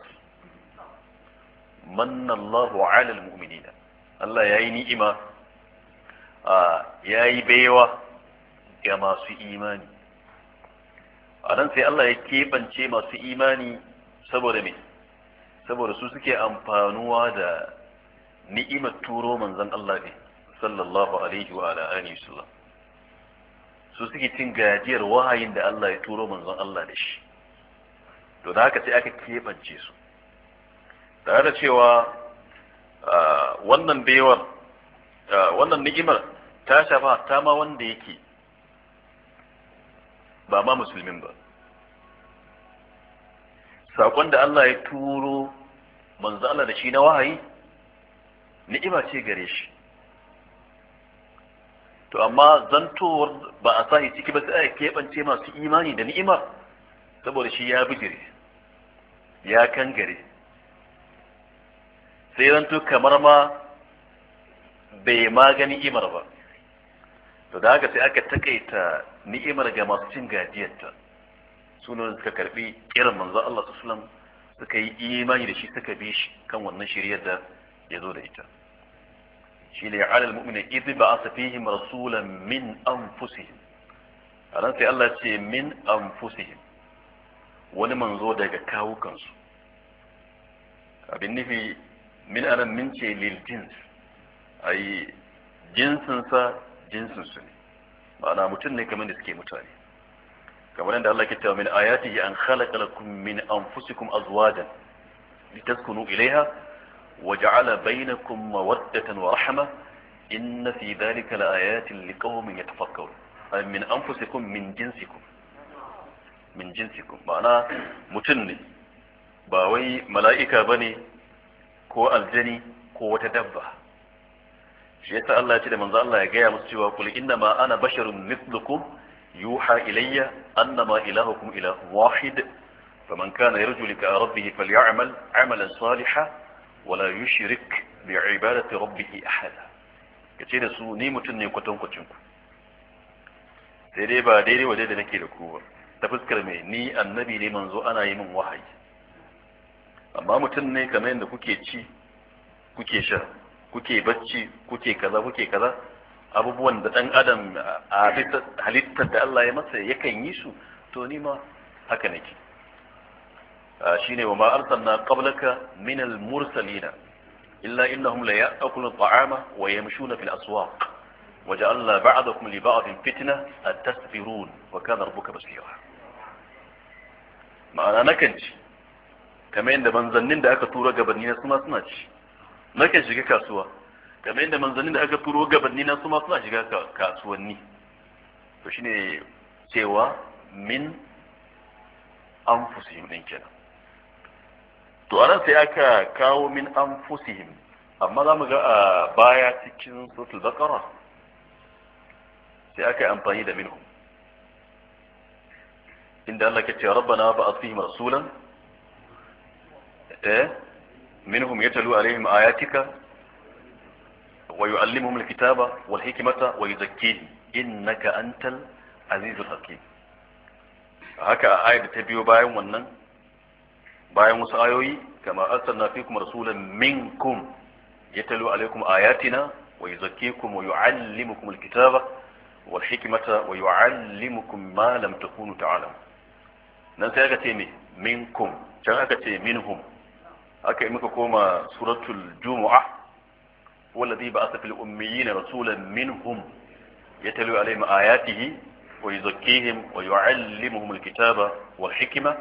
manna Allahu ala almu'minina Allah yayi ni'ima a yayi baiwa ga masu imani a nan sai Allah ya keɓance masu imani saboda me saboda su suke amfanuwa da ni'imar turo manzon Allah ne sallallahu alaihi wa ala alihi wasallam su suke cin gajiyar wahayin da Allah ya turo manzon Allah da shi to da haka sai aka keɓance su tare da cewa wannan baiwar wannan ni'imar ta shafa ta ma wanda yake ba ma musulmin ba saƙon da Allah ya turo manzo Allah da shi na wahayi ni'ima ce gare shi to amma zantowar ba a sahi ciki ba sai a keɓance masu imani da ni'imar saboda shi ya bijire ya kangare sai zanto kamar ma bai magani imar ba to da haka sai aka takaita ni'imar ga masu cin gajiyarta sunan suka karbi irin manzo Allah sallallahu suka yi imani da shi suka bi shi kan wannan shiriyar da ya zo da ita shi ne alal mu'mina idh ba'atha fihim rasulan min anfusihim aran sai Allah ce min anfusihim wani manzo daga kawukansu abin nufi min anan min ce lil jins ai jinsinsa jinsinsu ne ma'ana mutum ne kamar da suke mutane kamar yadda Allah ke cewa min ayatihi an khalaqa lakum min anfusikum azwajan litaskunu ilaiha wa ja'ala bainakum mawaddatan wa rahma inna fi dhalika laayatin liqaumin yatafakkarun min anfusikum min jinsikum min jinsikum ma'ana mutum ne ba wai mala'ika bane ko aljani ko wata dabba shi yasa Allah ya ce da manzo Allah ya gaya musu cewa kul inna ma ana basharun mithlukum yuha ilayya annama ilahukum ilahun wahid faman kana yarju lika rabbih falyamal amalan salihan wala yushrik bi ibadati rabbih ahada kace da su ni mutum ne kwatankwacin ku sai dai ba daidai wa da nake da ku ba ta fuskar mai ni annabi ne manzo ana yi min wahayi amma mutum ne kamar yadda kuke ci kuke sha kuke bacci kuke kaza kuke kaza abubuwan da dan adam a halittar da Allah ya masa yakan yi su to ni ma haka nake shine wa ma arsalna qablaka min al mursalina illa innahum la ya'kuluna ta'ama wa yamshuna fil aswaq وجعلنا بعضكم لبعض فتنة أتسفرون وكان ربك بصيرا ma'ana nakan ci kamar yadda manzannin da aka tura gabanni na suma suna ci nakan shiga kasuwa kamar yadda manzannin da aka turo gabanni na suma suna shiga kasuwanni to shine cewa min anfusihim din kenan to anan sai aka kawo min anfusihim amma za mu ga a baya cikin sotul bakara sai aka yi amfani da minhum ان الله لك يا ربنا بعث فيهم رسولا إيه؟ منهم يتلو عليهم آياتك ويعلمهم الكتابة والحكمة ويزكيهم إنك أنت العزيز الحكيم هكا آية تبيو بايو منن بايو موسى آيوي كما أرسلنا فيكم رسولا منكم يتلو عليكم آياتنا ويزكيكم ويعلمكم الكتابة والحكمة ويعلمكم ما لم تكونوا تعلمون nan sai aka ce me minkum can aka ce minhum aka yi muka koma suratul jumu'a wallazi ba'atha fil ummiyina rasulan minhum yatlu alaihim ayatihi wa yuzakkihim wa yu'allimuhum alkitaba wal hikma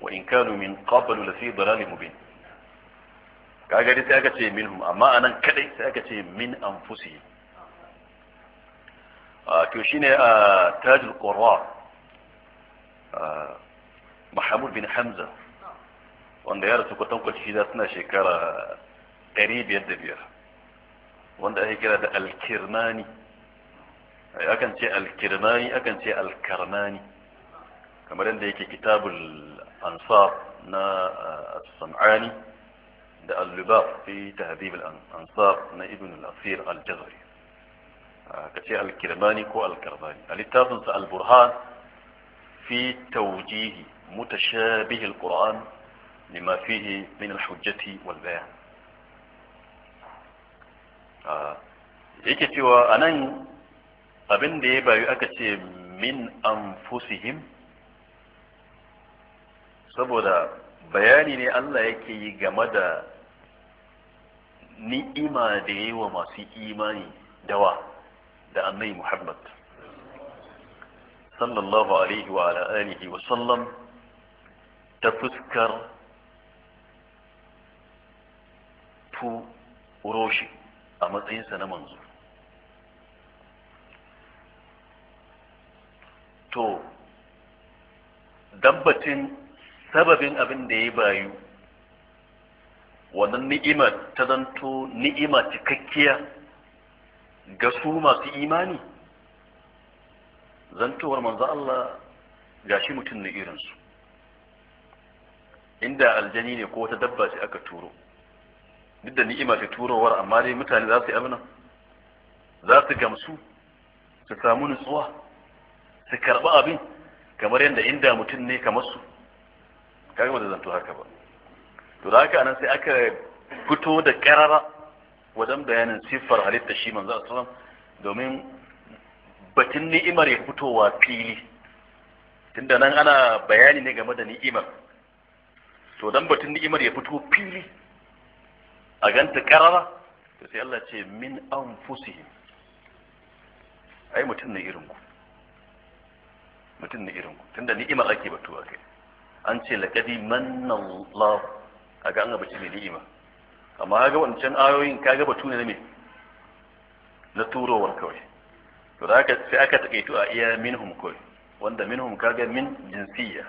wa in kanu min qablu lafi dalalin mubin kaga dai sai aka ce minhum amma anan kadai sai aka ce min anfusihim to shine a tajul qurra محمود بن حمزة وانده يارس وكتن قلت في ذاتنا قريب يد بير وانده هي كده الكرماني اي اكن شيء الكرماني اكن شيء الكرماني كما عنده يكي كتاب الانصار نا الصنعاني ده اللباب في تهذيب الانصار نا ابن الاصير الجزري كشيء الكرماني كو الكرماني الاتاب البرهان في توجيهي متشابه القرآن لما فيه من الحجة والبيان yake cewa a nan abin da ya bari aka ce min anfusihim saboda bayani ne Allah yake yi game da ni'ima da yi wa masu imani dawa da annai Muhammad sallallahu alaihi wa sallam ta fuskar tu roshi a matsayinsa na manzo to dabbacin sababin abin da ya bayu wannan ni'ima ta zanto ni'ima cikakkiya ga su masu imani zantowar manzo Allah gashi mutum na irinsu inda aljani ne ko wata dabba ce aka turo duk da ni'ima ce turowar amma dai mutane za su yi abin za su gamsu su samu nutsuwa su karɓi abin kamar yadda inda mutum ne kamar su kaga ba zanto haka ba to da haka nan sai aka fito da karara wajen bayanin siffar halitta shi manzo sallallahu domin batun ni'imar ya fitowa fili tunda nan ana bayani ne game da ni'imar to dan batun ni'imar ya fito fili a ganta karara to sai Allah ce min anfusihim ai mutum ne irin ku mutum ne irin ku tunda ni'imar ake batu kai. an ce laqadi manallahu aga an abace ne ni'ima amma kaga wancan ayoyin kaga batu ne na me na turowar kawai to da aka sai aka takaitu a iya minhum kawai wanda minhum kaga min jinsiyya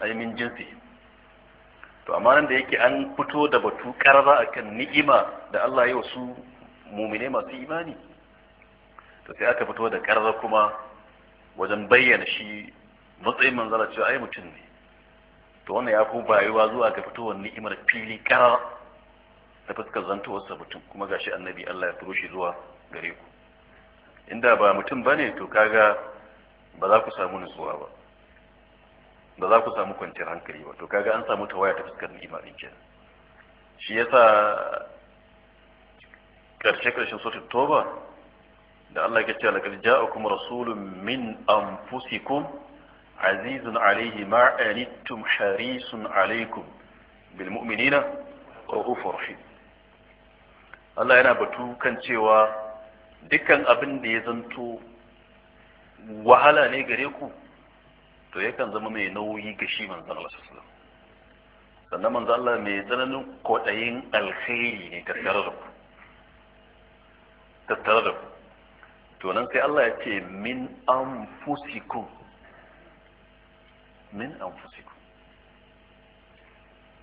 ai min jinsihim to amma nan da yake an fito da batu karara akan ni'ima da Allah ya wasu mumine masu imani to sai aka fito da karara kuma wajen bayyana shi matsayin manzala cewa ai mutum ne to wannan ya fi bayuwa zuwa ga fitowar ni'imar fili karara ta fuskar zantowarsa mutum kuma gashi annabi Allah ya turo shi zuwa gare ku inda ba mutum bane to kaga ba za ku samu nutsuwa ba ba za ku samu kwanciyar hankali ba to kaga an samu tawaya ta fuskar imani kenan shi yasa karshe karshen sura toba da Allah ya ce laqad ja'akum rasulun min anfusikum azizun alayhi ma anittum harisun alaikum bil mu'minina ra'ufur rahim Allah yana batu kan cewa dukkan abin da ya zanto wahala ne gare ku to yakan zama mai nauyi ga shi manzan Allah sallallahu alaihi wasallam sannan manzan Allah mai tsananin kodayin alkhairi ne tattare da ku tattare da ku to nan sai Allah ya ce min anfusikum min anfusikum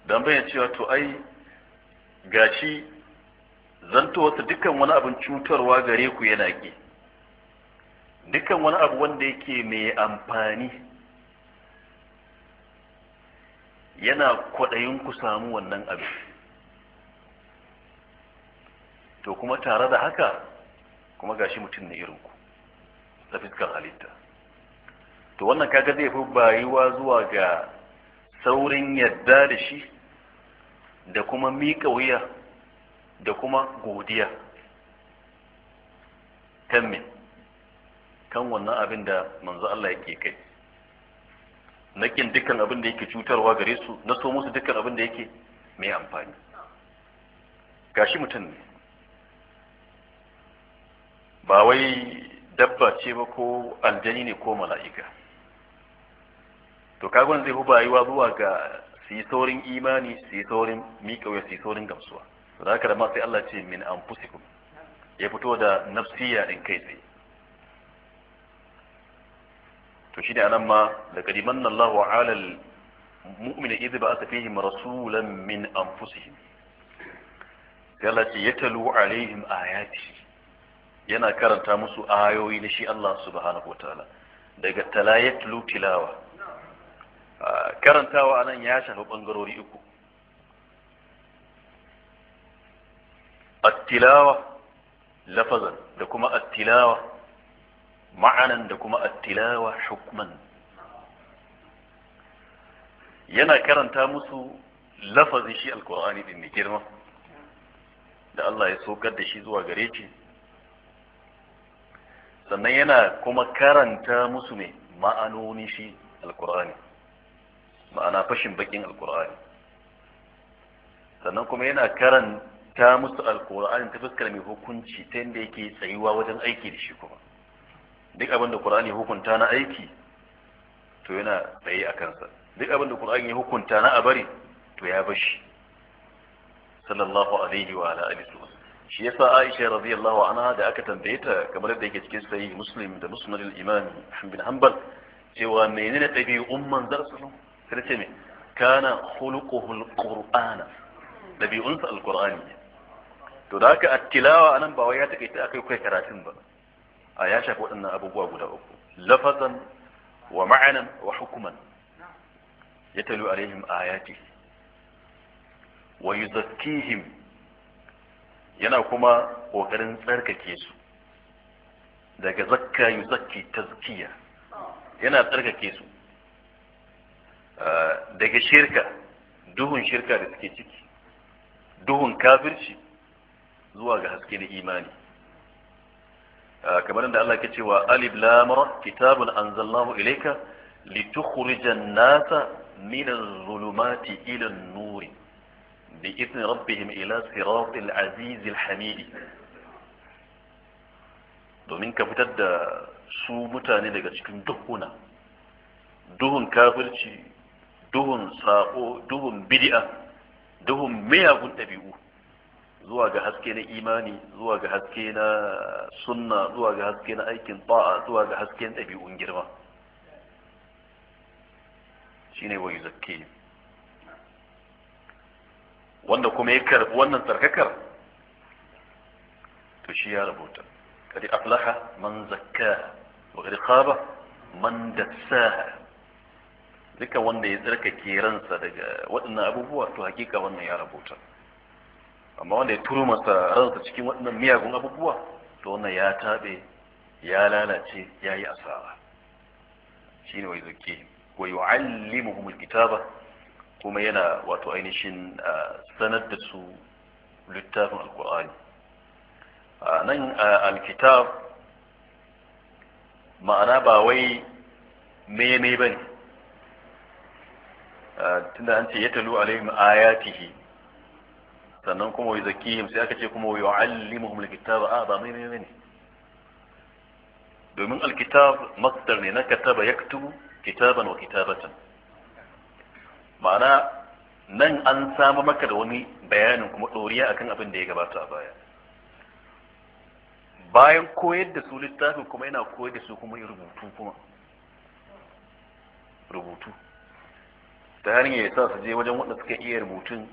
dan bayan cewa to ai gashi zanto wata dukkan wani abin cutarwa gare ku yana ke dukkan wani abu wanda yake mai amfani yana kwaɗayin ku samu wannan abu to kuma tare da haka kuma gashi mutum na irin ku ta fiskar halitta to wannan kaga zai fi bayuwa zuwa ga saurin yadda da shi da kuma miƙa wuya da kuma godiya kan min kan wannan abin da manzo Allah yake kai na kin dukkan abin da yake cutarwa gare su na so musu dukkan abin da yake mai amfani gashi mutum ne ba wai dabba ce ba ko aljani ne ko mala'ika to kagon zai huba yiwa zuwa ga su imani su yi saurin miƙauya su gamsuwa za da da ma sai Allah ce min anfusikum ya fito da nafsiya in kai tsaye to shi ne anan ma da kadiman Allahu alal mu'mina idh ba'atha fihim rasulan min anfusihim yalla ce yatalu alaihim ayati yana karanta musu ayoyi na shi Allah subhanahu wataala daga talayatlu tilawa karantawa anan ya shafi bangarori uku at-tilawa lafazan da kuma at-tilawa ma'anan da kuma attilawa hukman yana karanta musu lafazin shi alkur'ani din ne girma da Allah ya sokar da shi zuwa gare shi sannan yana kuma karanta musu ne ma'anoni shi alkur'ani ma'ana fashin bakin alkur'ani sannan kuma yana karanta musu alkur'ani ta fuskar mai hukunci ta yadda yake tsayuwa wajen aiki da shi kuma duk abin da qur'ani hukunta na aiki to yana tsaye a kansa duk abin da qur'ani ya hukunta na a bari to ya bashi sallallahu alaihi wa ala alihi shi yasa Aisha radiyallahu anha da aka tambaye ta kamar yadda yake cikin sahih Muslim da Musnad al-Imam Ahmad bin Hanbal cewa menene ɗabi'un manzar sallallahu sai ce me kana khuluquhu al-Qur'ana ɗabi'unsa al-Qur'ani to da haka at-tilawa anan ba wai ya take ta akai kai karatun ba ya shafi waɗannan abubuwa guda uku lafazan wa ma'anan wa hukuman ya talu alaihim ayati wa yuzakkihim yana kuma ƙoƙarin tsarkake su daga zakka yuzakki tazkiya yana tsarkake su daga shirka duhun shirka da suke ciki duhun kafirci zuwa ga haske da imani kamar da Allah ke cewa alif lam ra kitabun anzalnahu ilayka litukhrijan nasa min adh-dhulumati ila an-nur bi idni rabbihim ila siratil azizil hamid domin ka fitar da su mutane daga cikin duhuna duhun kafirci duhun sako duhun bid'a duhun miyagun ɗabi'u zuwa ga haske na imani zuwa ga haske na sunna zuwa ga haske na aikin ta'a zuwa ga haske na ɗabi'un girma shine wa yuzakki wanda kuma ya karɓi wannan tsarkakar to shi ya rubuta kadi aflaha man zakka wa kadi khaba man dassa duka wanda ya tsarkake ransa daga waɗannan abubuwa to hakika wannan ya rubuta amma wanda ya turo masa ransa cikin waɗannan miyagun abubuwa to wannan ya taɓe ya lalace ya yi asara shine wai zuke wa yu'allimuhum alkitaba kuma yana wato ainihin sanar da su littafin a nan alkitab ma'ana ba wai meme ne. tunda an ce ya yatalu alaihim ayatihi sannan kuma wai zakihim sai aka ce kuma wai yu'allimuhum alkitaba a ah, ba mai mai ne domin alkitab masdar ne na kataba yaktubu kitaban wa kitabatan ma'ana nan an samu maka da wani bayanin kuma ɗoriya akan abin da ya gabata a baya bayan koyar da su littafin kuma yana koyar da su kuma yi rubutu kuma rubutu ta hanyar ya sa su je wajen wanda suka iya rubutun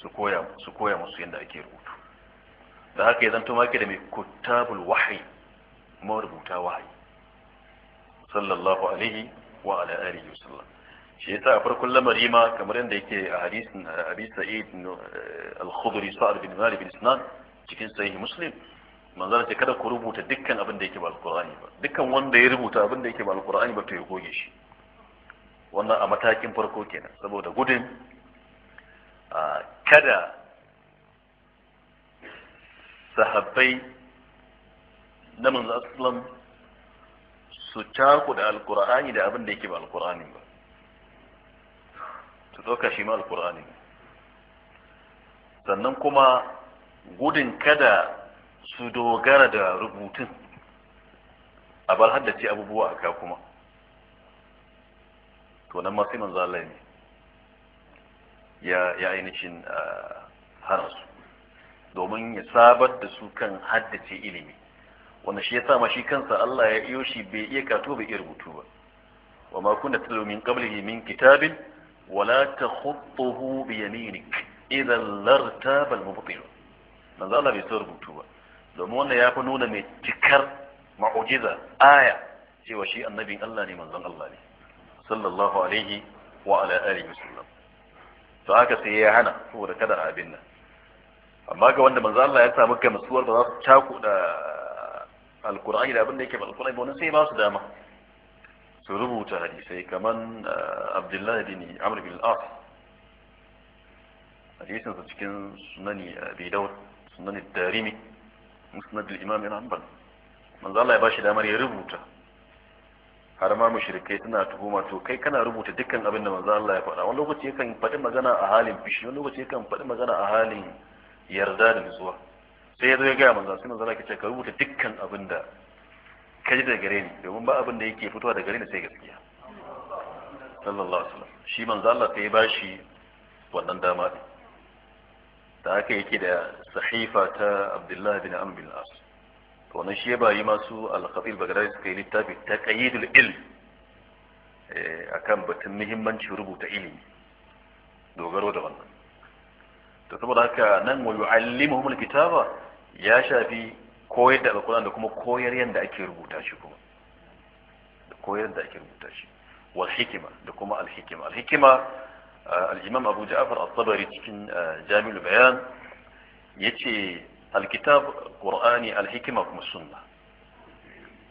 su koya su koya musu yadda ake rubutu da haka ya zanto maki da mai kuttabul wahyi marubuta wahayi sallallahu alaihi wa ala alihi wa sallam shi yasa a farkon lamari ma kamar yadda yake a hadisin abi sa'id eh, al-khudri sa'ad bin malik bin sinan cikin sahih muslim manzara ce kada ku rubuta dukkan abin da yake ba alqur'ani ba dukkan wanda ya rubuta abin da yake ba alqur'ani ba to ya goge shi wannan a matakin farko kenan saboda gudun kada sahabbai na manzo aslam su caku da alkur'ani da abin da yake ba alkur'ani ba su ɗauka shi ma alkur'ani sannan kuma gudun kada su dogara da rubutun a bar haddace abubuwa a kuma to nan ma sai manzo Allah ne ya ainihin ah, hana su domin ya sabar da su kan haddace ilimi wanda shi ya sa shi kansa Allah ya iyo shi bai iya kato bai iya rubutu ba wa ma kunna tatlu min qablihi min kitabin wala takhutuhu bi yaminik idan lartaba al-mubtil manzo Allah bai so rubutu ba domin wannan ya fi nuna mai cikar ma'ujiza aya cewa shi annabin Allah ne manzon Allah ne sallallahu alaihi wa ala alihi wasallam to haka sai ya hana saboda kada a abin nan amma ga wanda manzo Allah ya samu gamsuwar ba za su taku da alkur'ani da abin da yake ba alkur'ani ba wannan sai ba su dama su rubuta hadisai kaman eh, Abdullahi bin Amr bin al-As hadisin sa cikin sunani Abi Dawud sunani Darimi musnad al-Imam Ibn Hanbal manzo Allah ya bashi damar ya rubuta har ma mushrikai suna tuhuma to kai kana rubuta dukkan abin da manzo Allah ya faɗa wani lokaci yakan faɗi magana a halin fishi wani lokaci yakan faɗi magana a halin yarda da nutsuwa sai ya zo ya gaya manzo sai manzo Allah ya ce ka rubuta dukkan abin da ka ji da gare ni domin ba abin da yake fitowa da gare ni sai gaskiya sallallahu alaihi wasallam shi manzo Allah sai ya bashi wannan dama da haka yake da sahifa ta Abdullah bin Amr bin As to wannan shi ba yi masu al-khatil bagdadi suka yi littafi ta taqyidul ilm eh, akan batun muhimmancin rubuta ilimi dogaro da wannan to saboda haka nan wa yu'allimuhum al-kitaba ya shafi koyar da alquran da kuma koyar yadda ake rubuta shi kuma da koyar da ake rubuta shi wal hikima da kuma alhikima alhikima al hikima eh, al-imam Abu Ja'far at-Tabari cikin eh, Jami'ul Bayan ya ce. alkitab qur'ani alhikima kuma sunna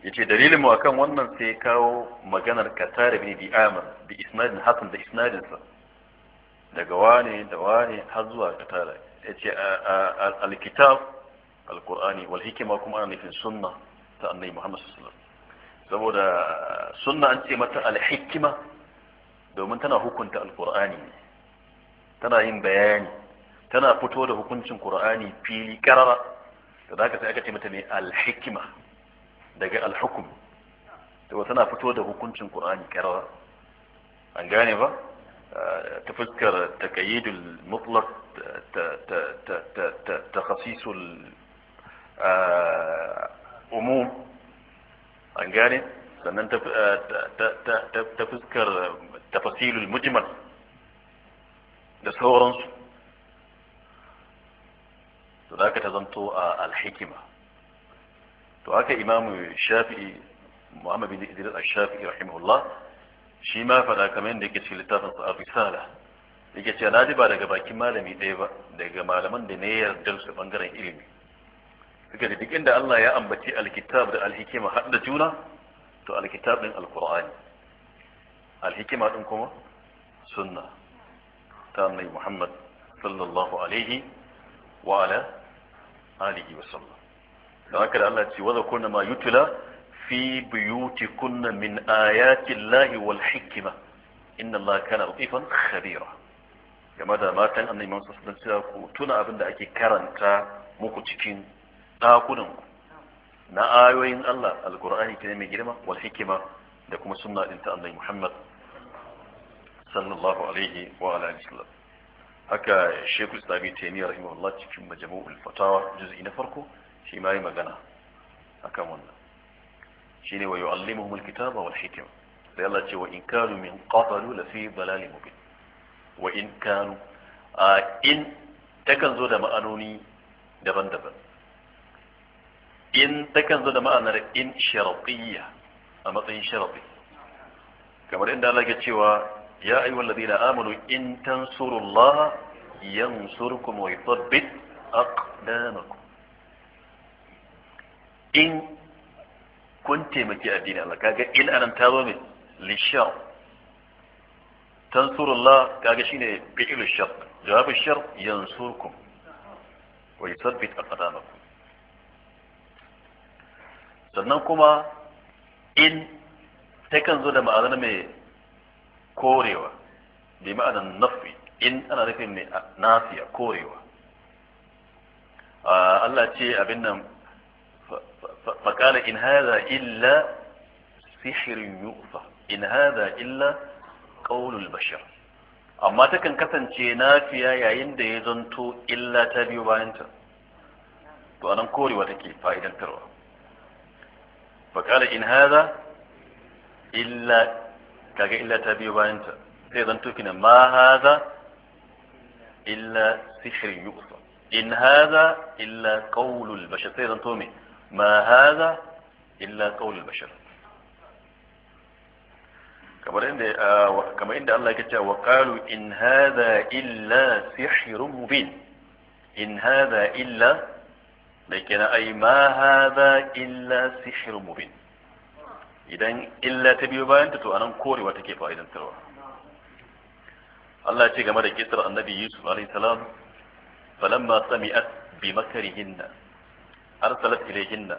Ya ce dalilin mu kan wannan sai kawo maganar qatar ibn bi amr bi isnadin hasan da isnadin sa daga wane da wane har zuwa Ya ce alkitab alqur'ani wal hikima kuma ana nufin sunna ta annabi muhammad sallallahu saboda sunna an ce mata alhikima domin tana hukunta alqur'ani tana yin bayani tana fito da hukuncin qur'ani fili karara to da haka sai aka ce mata ne al-hikma daga al-hukm to tana fito da hukuncin qur'ani karara an gane ba ta fuskar taqayyidul mutlaq takhasisul umum an gane sannan ta fuskar tafasilul mujmal da sauransu to da ta zanto a alhikima to aka imamu shafi'i muhammad bin idris al-shafi'i rahimahullah shi ma fada kamar yadda yake cikin littafin sa risala yake cewa na ji ba daga bakin malami ɗaya ba daga malaman da ne yarda su bangaren ilimi suka ce duk inda Allah ya ambaci alkitab da alhikima har da juna to alkitab din alqur'ani alhikima din kuma sunna ta annabi muhammad sallallahu alaihi wa ala alihi wa sallam da haka da Allah ce wa zakurna ma yutula fi kunna min ayati llahi wal hikma inna kana latifan khabira game da matan annabi Muhammad sallallahu alaihi wasallam ku tuna ake karanta muku cikin dakunan ku na ayoyin Allah alqur'ani kenan mai girma wal hikma da kuma sunna din ta annabi Muhammad sallallahu alaihi wa alihi wasallam haka shekul islami taimiyya rahimahullah cikin majamu'ul fatawa juz'i na farko shi ma yi magana akan wannan shine wa yu'allimuhum alkitaba wal hikma sai Allah ce wa in kanu min qablu la fi dalalin mubin wa in kanu a in takan zo da ma'anoni daban-daban in takan zo da ma'anar in sharatiyya a matsayin sharati kamar inda Allah ke cewa ya ayyuhal ladina amanu in tansurullaha yansurkum wa yuthabbit aqdamakum in kun taimaki addini Allah kaga in anan ta zo mai lishar tansurullah kaga shine fi'lu shar jawabin shar yansurkum wa yuthabbit aqdamakum sannan kuma in zo da ma'anar mai korewa bi ma'anan nafi in ana nufin ne nafiya korewa ah, Allah ce abin nan faƙala in haza illa sihirin yufa in haza illa ƙaunul bashar amma takan kasance nafiya yayin da ya zanto illa ta biyo bayanta to anan korewa take fa'idantarwa faƙala in haza illa kage illa ta biyo bayanta sai zan to na ma haza illa sihr yuqsa in haza illa qawlul bashar sai zan tome ma haza illa qawlul bashar kamar inda kamar inda Allah yake cewa qalu in haza illa sihrun mubin in haza illa da kina ai ma haza illa sihrun mubin idan illa ta biyo bayan ta to anan korewa take tarwa Allah ya ce game da kisar annabi Yusuf alayhi salam falamma sami'at bi makarihinna arsalat ilayhinna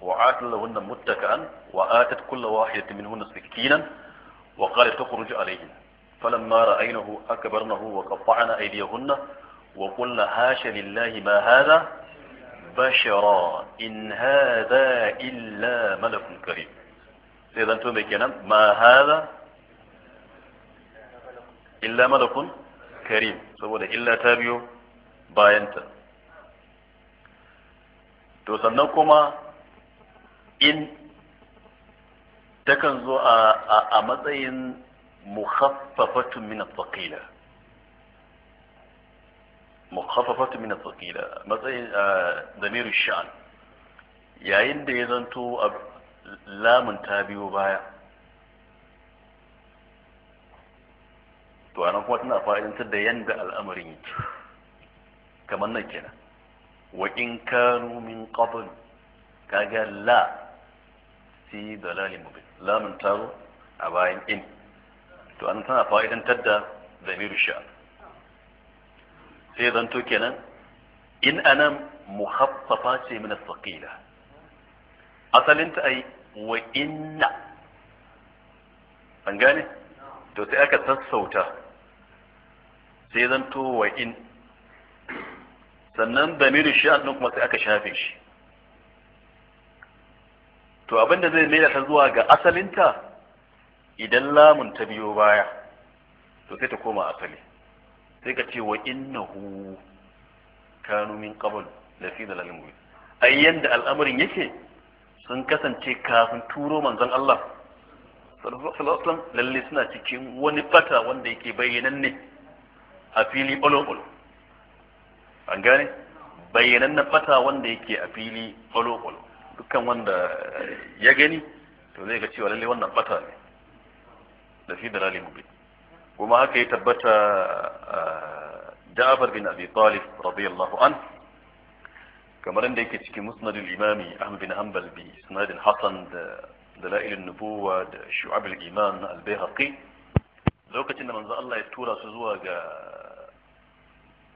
wa atat muttaka'an wa atat kull wahidatin minhunna sakinan wa qalat tukhruj alayhin falamma ra'aynahu akbarnahu wa qatta'na aydiyahunna wa qulna hasha lillahi ma hadha بشرا إن هذا إلا ملك كريم sai zanto mai kenan ma hadha illa malakun karim saboda illa ta biyo bayanta to sannan kuma in takan zo a matsayin mukhaffafatun min thaqila mukhaffafatun min thaqila matsayin eh, damiru sha'an yayin da ya zanto lamun ta biyo baya to anan kuma tana fa'idantar da yanda al'amarin yake kamar nan kenan wa in kanu min qabl kaga la fi dalalin mubin lamun ta zo a bayan in to anan tana fa'idantar da zamiru sha. sai zanto kenan in anan muhaffafa ce min as-saqila asalinta ai wa inna an gane to sai aka sassauta sai to wa in sannan da sha'an ɗin kuma sai aka shafe shi to abinda zai mai ta zuwa ga asalinta idan lamun ta biyo baya to sai ta koma asali sai ka ce wa innahu kanu min qabl lafi dalalin mubin yanda al'amarin yake sun kasance kafin turo manzon Allah sallallahu lalle suna cikin wani fata wanda yake ne a fili ɓalo-ɓalo an gane na fata wanda yake a fili ɓalo-ɓalo dukkan wanda ya gani to zai ga cewa lalle wannan fata ne da fi dalali mubin kuma haka ya tabbata ah, Ja'far bin Abi Talib radiyallahu anhu kamar inda yake cikin musnadul imami ahmad bin hanbal bi isnadin hasan da dalailin nubuwa da shu'abul iman na al-bayhaqi lokacin da manzo Allah ya tura su zuwa ga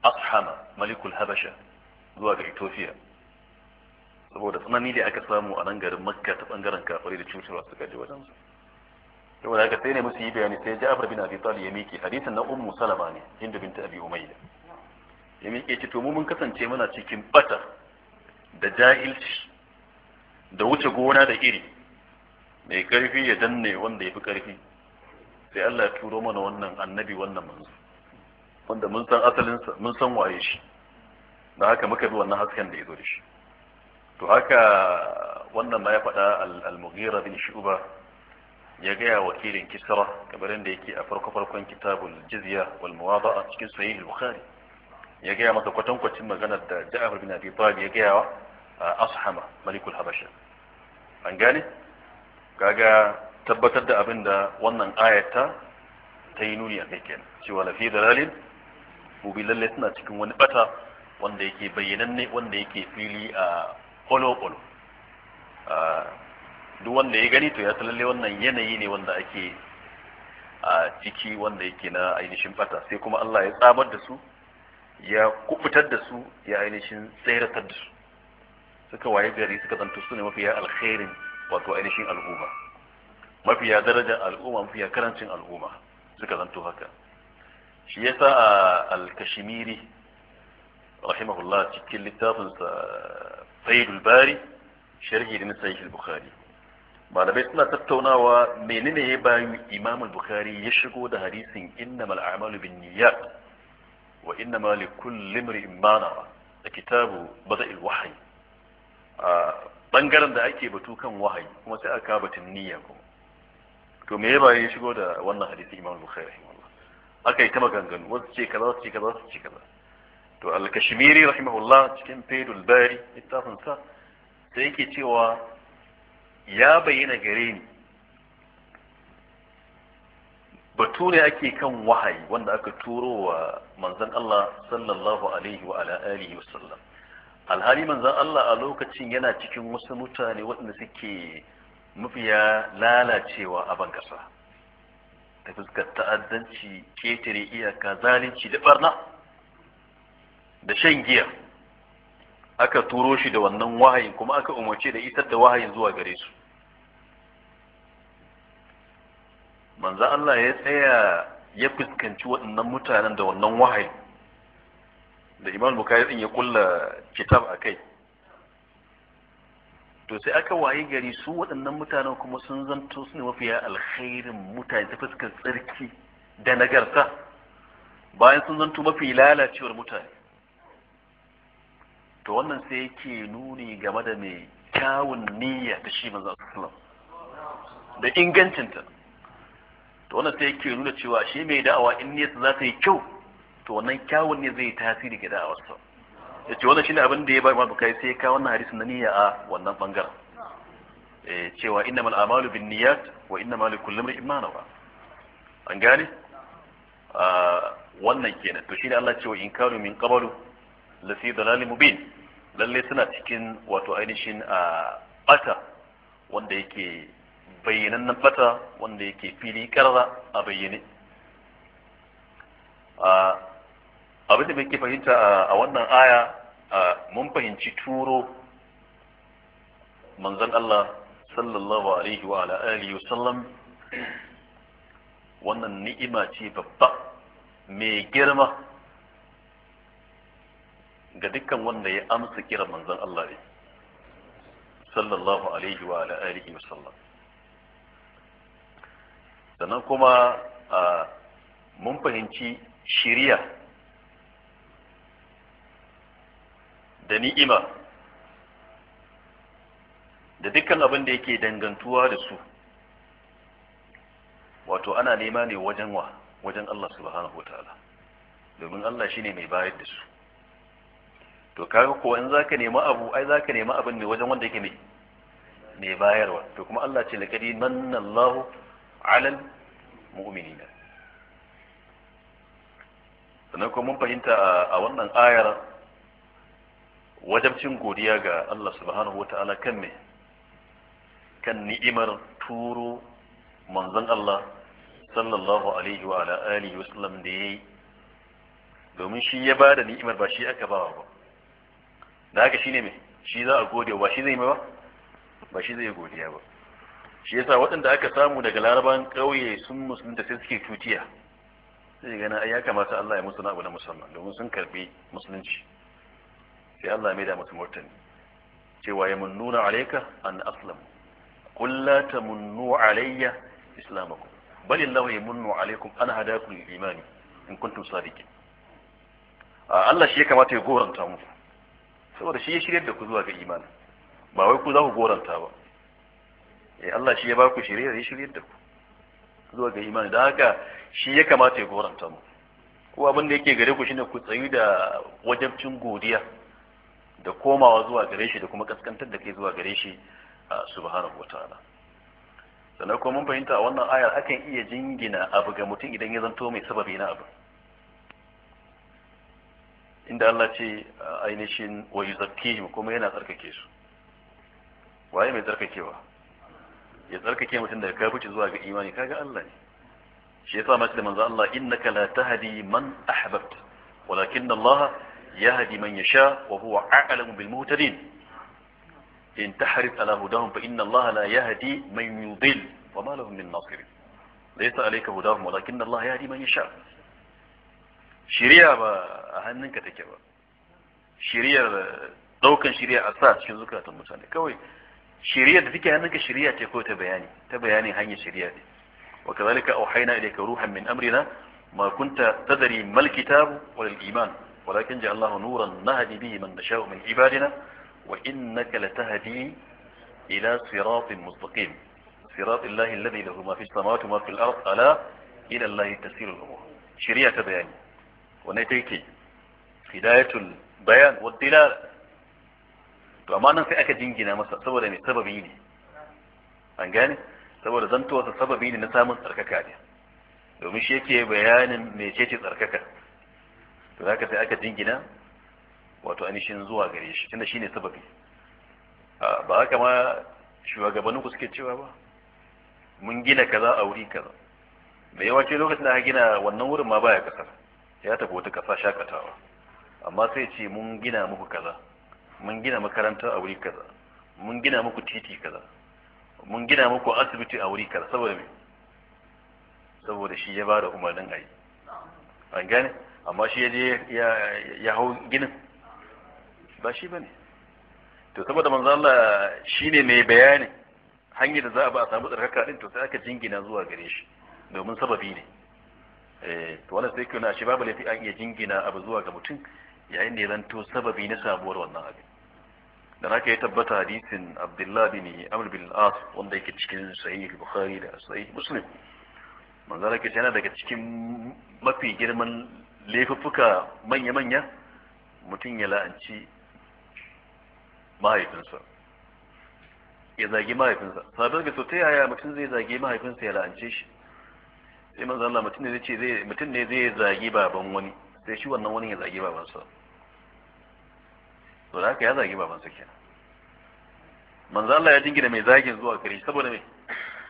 ashama malikul habasha zuwa ga ethiopia saboda tsanani da aka samu a nan garin makka ta bangaren kafari da cutarwa suka je wajen su saboda haka sai ne musu yi bayani sai ja'far bin abi talib ya miki hadisin na ummu salama ne inda binta abi umayya ya miƙe ce to mu mun kasance muna cikin bata da jahilci da wuce gona da iri mai karfi ya danne wanda ya fi karfi sai Allah ya turo mana wannan annabi wannan manzo wanda mun san asalin mun san waye shi da haka muka bi wannan hasken da ya zo da shi to haka wannan ma ya faɗa al-mughira bin shu'ba ya gaya wakilin kisra kamar yadda yake a farko farkon kitabul jizya wal muwada'a cikin sahih al-bukhari ya gaya masa kwatankwacin maganar da Ja'far bin Abi Talib ya gaya wa ashama malikul habasha an gane kaga tabbatar da abin da wannan ayata ta yi nuni a kai kenan cewa lafi dalalin mubi lalle suna cikin wani bata wanda yake bayyananne wanda yake fili a kolo duk wanda ya gani to ya lalle wannan yanayi ne wanda ake a ciki wanda yake na ainihin bata sai kuma Allah ya tsamar da su ya kubutar da su ya ainihin tsayratar da su suka waye gari suka zanto su ne mafiya alkhairin wato ainihin al'umma mafiya darajar al'umma mafiya karancin al'umma suka zanto haka shi yasa a al rahimahullah cikin littafin sa bari sharhi da sahih al-bukhari malamai suna tattaunawa menene ya bayu imam bukhari ya shigo da hadisin innamal a'malu binniyat wa innamal likulli imrin ma nawa da kitabu bada'il wahyi bangaren da ake batu kan wahayi kuma sai aka batun niyya ko, to me ya bayan shigo da wannan hadisi imam bukhari rahimahullah aka yi ta maganganu wasu ce kaza wasu ce kaza wasu ce kaza to al-kashmiri rahimahullah cikin faidul bari littafin sa sai yake cewa ya bayyana gare ni batu ne ake kan wahayi wanda aka turo wa manzon Allah sallallahu alaihi wa ala alihi wa sallam alhali manzan Allah a lokacin yana cikin wasu mutane waɗanda suke mafiya lalacewa a bankasa da ta fuskar ta'addanci ketare iyaka zalunci da barna da shan giya aka turo shi da wannan wahayin kuma aka umarce da isar da wahayin zuwa gare su manzan Allah ya tsaya ya fuskanci waɗannan mutanen da wannan wahayin da imam bukari din ya kulla kitab a kai to sai aka waye gari su waɗannan mutanen kuma sun zanto su ne mafiya alkhairin mutane ta fuskar tsarki da nagarta bayan sun zanto mafi lalacewar mutane to wannan sai yake nuni game da mai kyawun niyya ta shi manzo sallallahu da ingancinta to wannan sai yake nuna cewa shi mai da'awa in niyyarsa za ta yi kyau to wannan kyawun ne zai tasiri ga da'awarsa ya ce wannan shine abin da ya ba Imam Bukhari sai ka wannan hadisin na niyya a wannan bangaren eh cewa innamal a'malu binniyat wa innamal likulli imrin ma nawa an gane ah, wannan kenan to shine Allah cewa in kanu min qablu la fi dalalin mubin lalle suna cikin wato ainihin a ah, bata wanda yake bayyanannen bata wanda yake fili karra a bayyane a ah, abin da ke fahimta a wannan aya mun fahimci turo manzon Allah sallallahu alaihi wa ala alihi wa sallam wannan ni'ima ce babba mai girma ga dukkan wanda ya amsa kiran manzon Allah ne sallallahu alaihi wa ala alihi wa sannan kuma mun fahimci shiriya da ni'ima da dukkan abin da yake dangantuwa da su wato ana nema ne wajen wa wajen Allah subhanahu wataala domin Allah shine mai bayar da su to kaga ko in zaka nemi abu ai zaka nemi abin ne wajen wanda yake mai mai bayarwa to kuma Allah ce laqadi manallahu alal mu'minina sannan kuma mun fahimta a wannan ayar wajabcin godiya ga Allah subhanahu wata'ala kan ne kan ni'imar turo manzon Allah sallallahu alaihi wa ala alihi wasallam da yayi domin shi ya bada ni'imar ba shi aka bawa ba da haka shine me shi za a gode ba shi zai ba ba shi zai godiya ba shi yasa waɗanda aka samu daga laraban ƙauye sun musulunta sai suke tutiya sai gana ya kamata Allah ya musu na abu na musamman domin sun karbi musulunci sai Allah mai da musu martani cewa ya mun nuna alaika an aslam ta mun nuna alayya islamakum bal illahu yamunnu alaykum an hadakum lil imani in kuntum sadiqin Allah shi ya kamata ya goranta mu saboda shi ya shirye da ku zuwa ga imani ba wai ku za ku goranta ba eh Allah shi ya ba ku shirye ya shirye da ku zuwa ga imani da haka shi ya kamata ya goranta mu ko abin da yake gare ku shine ku tsayi da wajabcin godiya da komawa zuwa gare shi da kuma kaskantar da kai zuwa gare shi a subhanahu wataala sannan kuma mun fahimta a wannan ayar akan iya jingina abu ga mutum idan ya zanto mai sababi na abu inda Allah ce ainihin wa yuzakkihim kuma yana tsarkake su waye mai tsarkakewa ya tsarkake mutum daga kafirci zuwa ga imani kaga Allah ne shi yasa mace da manzo Allah innaka la tahdi man ahbabta walakin Allah يهدي من يشاء وهو أعلم بالمهتدين إن تحرف على هداهم فإن الله لا يهدي من يضل وما لهم من ناصر ليس عليك هداهم ولكن الله يهدي من يشاء شريعة أهنن كتكوا شريعة دوكا شريعة أساس شنو ذكرة المسانة كوي شريعة ذكى أنك شريعة تكو تبياني تبياني هاي شريعة وكذلك أوحينا إليك روحا من أمرنا ما كنت تدري ما الكتاب ولا الإيمان ولكن جعلناه نورا نهدي به من نشاء من عبادنا وإنك لتهدي إلى صراط مستقيم صراط الله الذي له ما في السماوات وما في الأرض ألا إلى الله تسير الأمور شريعة بيان ونتيك هداية البيان والدلالة وما في أكا جنجنا مسا سبب من سببيني أنجاني سبب زنتوا سببيني نسامن أرككا ومشيكي بيان ميشيكي أرككا to zaka sai aka jingina wato anishin zuwa gare shi tunda shine sababi ba haka ma shugabannin ku suke cewa ba mun gina kaza a wuri kaza da ce lokacin da aka gina wannan wurin ma baya kasa ya tafi wata kasa shakatawa amma sai ce mun gina muku kaza mun gina makaranta a wuri kaza mun gina muku titi kaza mun gina muku asibiti a wuri kaza saboda me saboda shi ya bada umarnin ayi an gane amma shi ya je ya hau ginin ba shi ba ne to saboda manzo Allah shine mai bayani hanyar da za a ba a samu tsarkaka din to sai aka jingina zuwa gare shi domin sababi ne eh to wannan sai kuna shi babu lafi an iya jingina abu zuwa ga mutum yayin da ya to sababi na sabuwar wannan abin da naka ya tabbata hadisin Abdullah bin Amr bin al-As wanda yake cikin sahih Bukhari da sahih Muslim manzo Allah tana daga cikin mafi girman laifuffuka manya-manya mutum ya la'anci mahaifinsa ya zage mahaifinsa sabar ga ta yaya mutum zai zagi mahaifinsa ya la'ance shi sai manzo Allah mutum ne zai ce mutum ne zai zagi baban wani sai shi wannan wani ya zagi babansa to da haka ya zagi babansa kenan manzo Allah ya jingina mai zagin zuwa kare, shi saboda me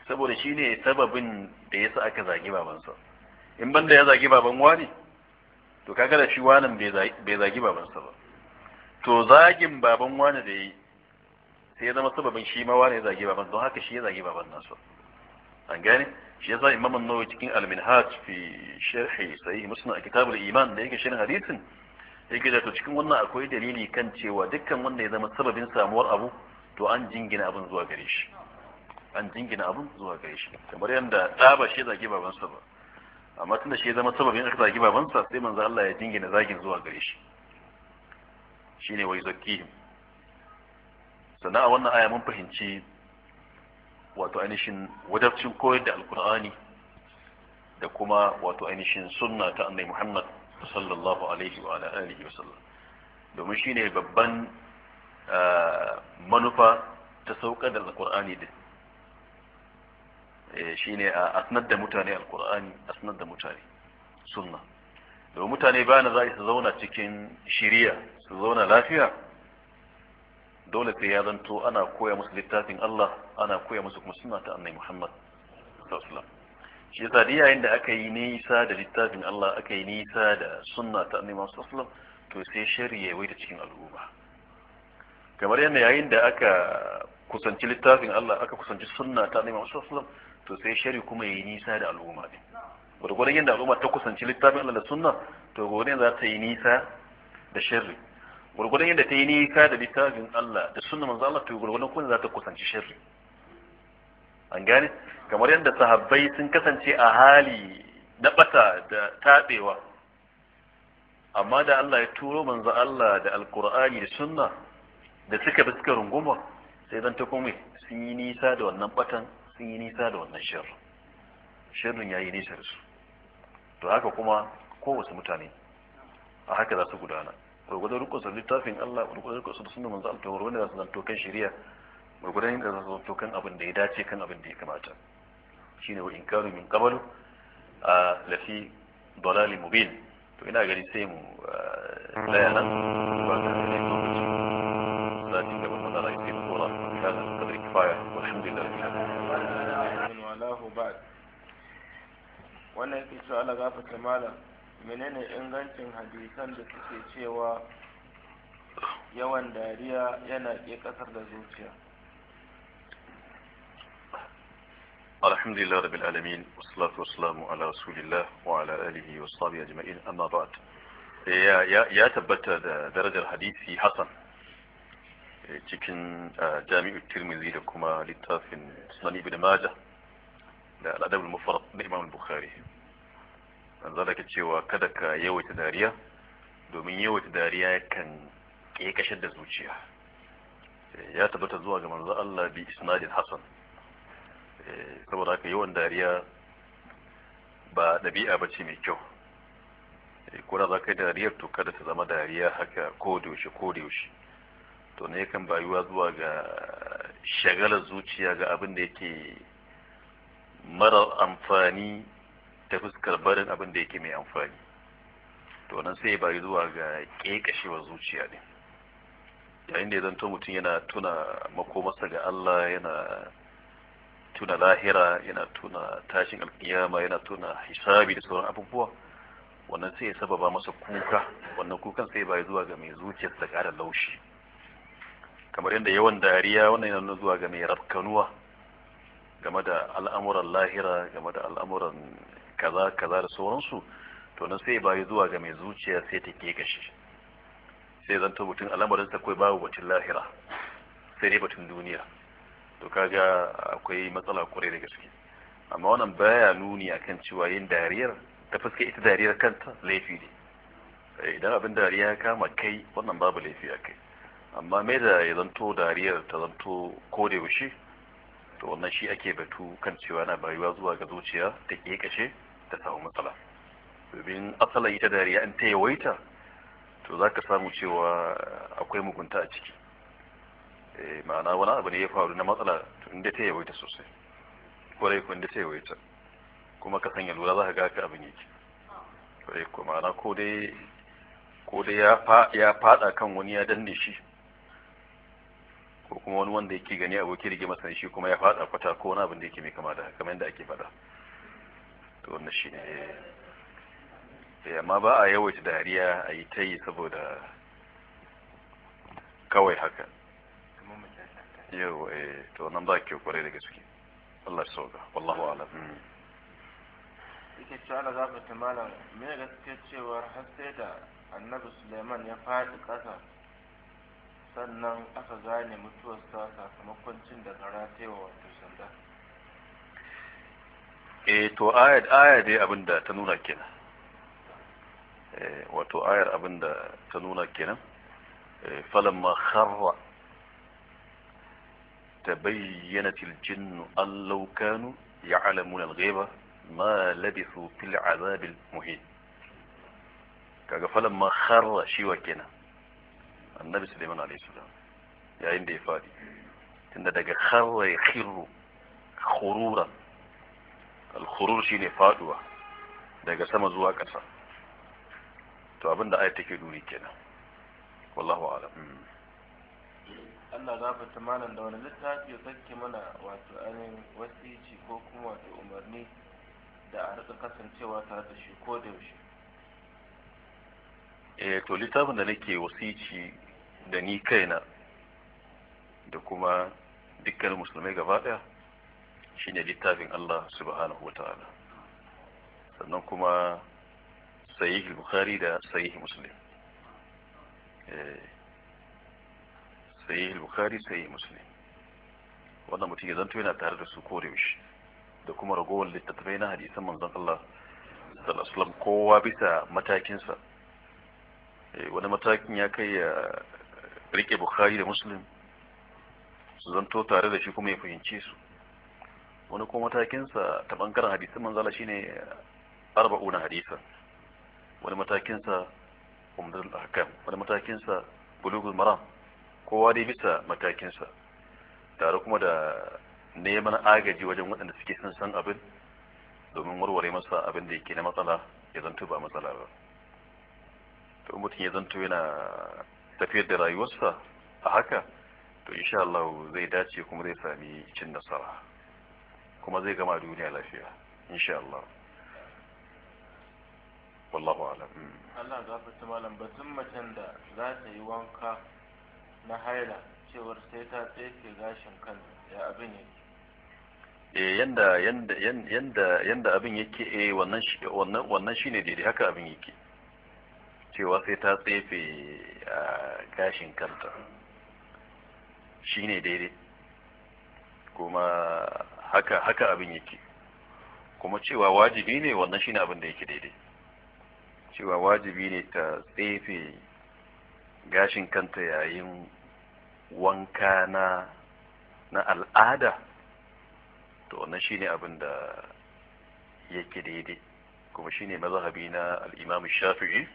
saboda shine sababin da yasa aka zagi babansa in banda ya zagi baban wani to kaga da shi wanan bai zagi babansa ba to zagin baban wani da yi sai ya zama sababin shi ma wani ya zagi baban don haka shi ya zagi baban nasu an gane shi ya imam an nau'i cikin alminhaj fi sharhi, sai musna a kitabul iman da yake shirin hadisin yake da to cikin wannan akwai dalili kan cewa dukkan wanda ya zama sababin samuwar abu to an jingina abun zuwa gare shi an jingina abun zuwa gare shi kamar yadda ɗaba shi zagi babansa ba amma tun da shi ya zama sababin aka zagi babansa sai manzo Allah ya jingina zagin zuwa gare shi shine wai zakkihim sannan a wannan aya mun fahimci wato ainihin wadabcin koyar da alkur'ani da kuma wato ainihin sunna ta annabi Muhammad sallallahu alaihi wa ala alihi wa sallam domin shine babban eh, manufa ta saukar da alkur'ani din Eh, shine a asnar da mutane alkur'ani asnar da mutane sunna da mutane bayan za su zauna cikin shiriya su zauna lafiya dole sai ya zanto ana koya musu littafin Allah ana koya musu kuma sunna ta annabi Muhammad sallallahu alaihi wasallam shi yasa da aka yi nisa da littafin Allah aka yi nisa da sunna ta annabi Muhammad sallallahu alaihi wasallam to sai shari'a wai ta cikin al'umma kamar yadda yayin da aka kusanci littafin Allah aka kusanci sunna ta annabi Muhammad sallallahu alaihi wasallam to sai shari kuma yi nisa da al'umma ne gwargwadon yadda al'umma ta kusanci littafin Allah da sunna to gwargwadon za ta yi nisa da sharri gwargwadon yadda ta yi nisa da littafin Allah da sunna manzo Allah to gwargwadon kuma za ta kusanci sharri an gane kamar yadda sahabbai sun kasance a hali na bata da tabewa amma da Allah ya turo manzo Allah da alqur'ani da sunna da suka bi suka runguma sai zan ta kome sun yi nisa da wannan batan sun yi nisa da wannan shirin shirin ya yi nisa da su to haka kuma kowace mutane a haka za su gudana gurgudan rukunsa littafin Allah gurgudan rukunsa da sunan manzo Allah wanda za su zanto kan shari'a yin da za su zanto kan abin da ya dace kan abin da ya kamata shine wa inkaru min qablu a lafi dalali mubin to ina gari sai mu tsaya nan ba wannan yake cewa ala gafarta malam menene ingancin hadisan da suke cewa yawan dariya yana ke kasar da zuciya الحمد لله رب العالمين والصلاة والسلام على رسول الله وعلى آله وصحبه أجمعين أما بعد يا يا يا تبت درجة الحديث في حسن cikin jami'ar tirmidhi da kuma littafin sunan ibn majah da al'adab al-mufrad na Imam Bukhari manzo da cewa kada ka yawaita dariya domin yawaita dariya kan kekashar da zuciya ya tabbata zuwa ga manzo Allah bi isnadin hasan saboda haka yawan dariya ba ɗabi'a ba ce mai kyau ko da za ka yi to kada ta zama dariya haka ko da yaushe ko da yaushe to ne kan bayuwa zuwa ga shagalar zuciya ga abin da yake marar amfani ta fuskar barin abin da yake mai amfani to nan sai ya zuwa ga ƙeƙashewar zuciya ne yayin da ya zanto mutum yana tuna makomarsa ga Allah yana tuna lahira yana tuna tashin alkiyama yana tuna hisabi da sauran abubuwa wannan sai ya sababa masa kuka wannan kukan sai bai zuwa ga mai zuciyar ta ƙara laushi kamar yadda yawan dariya wannan yana zuwa ga mai rafkanuwa game da al'amuran lahira game da al'amuran kaza kaza da sauransu to nan sai bayi zuwa ga mai zuciya sai ta ke gashi sai zanto mutum al'amarin ta kai babu batun lahira sai dai batun duniya to kaga akwai matsala kwarai da gaske amma wannan baya nuni akan cewa yin dariyar ta fuska ita dariyar kanta laifi ne eh, idan abin dariya ya kama kai wannan babu laifi a kai amma mai da ya zanto dariyar ta zanto ko da yaushe to wannan shi ake batu kan cewa na bayuwa zuwa ga zuciya ta kekashe ta samu matsala domin asalin ita dariya in ta yawaita to za ka samu cewa akwai mugunta a ciki eh, ma'ana wani abu ne ya faru na matsala inda ta yawaita sosai kwarai ko inda ta yawaita kuma ka sanya lura za ka ga ka abin yake kwarai ko ma'ana ko dai ya fada kan wani ya danne shi ko kuma wani wanda yake gani abokin rige masa shi kuma ya fada kwata ko wani abin da yake mai kama da kamar yadda ake fada to wannan shi ne eh, amma ba a yawaita dariya a yi ta yi saboda kawai haka yau eh to nan ba ke kwarai daga suke Allah ya sauka wallahu a'lam mm. yake cewa da zafi ta malam me gaskiya cewar har sai da Annabi suleiman ya faɗi ƙasa sannan aka gane mutuwarsa sakamakon cin da kara wa wato sanda eh to ayat ayat dai abinda ta nuna kenan wato ayar abinda ta nuna kenan falamma kharra تبينت الجن أن لو كانوا يعلمون ma ما fil azabil العذاب kaga كما فلما shi wa kenan annabi suleiman alayhi salam yayin da ya fadi tunda daga kharra ya khirru khurura al-khurur shine faduwa daga sama zuwa ƙasa to abin da ayat take nuni kenan wallahu a'lam Allah za ta malam da wani littafi ya sake mana wato ainihin wasici ko kuma wato umarni da a rika kasancewa tare da shi ko da yaushe eh to littafin da nake wasici da ni kaina da kuma dukkan musulmai gaba daya shine littafin Allah subhanahu wa ta'ala sannan kuma sahih bukhari da sahih muslim eh, sahih bukhari sahih muslim wannan mutum ya zanto yana tare da su shi da kuma ragowar littattafai na hadisan manzon Allah sallallahu alaihi kowa bisa matakinsa eh, wani matakin ya kai ya rike bukhari da muslim su zanto tare da shi kuma ya fahimci su wani kuma matakinsa ta bangaren hadisin manzala shine Arba'u na hadisa wani matakinsa umdul ahkam wani matakinsa bulugul maram kowa dai bisa matakinsa tare kuma da neman agaji wajen waɗanda suke son san abin domin warware masa abin da yake na matsala ya zanto ba matsala ba to mutum ya zanto yana tafiyar da rayuwarsa a haka to insha Allah zai dace kuma zai sami cin nasara kuma zai gama duniya lafiya insha Allah wallahu alam mm. Allah gafarta malam batun macen da za ta yi wanka na haila cewar sai ta tsefe gashin kanta ya abin ne eh yanda yanda yanda yanda abin yake eh wannan wannan wannan shine daidai haka abin yake cewa sai ta tsefe a gashin kanta ne daidai kuma haka haka abin yake kuma cewa wajibi ne wannan shi ne abin da yake daidai cewa wajibi ne ta tsefe gashin kanta yayin wanka na na al'ada to wannan shi ne abin da yake daidai kuma ne mazhabi na al'imamu Shafi'i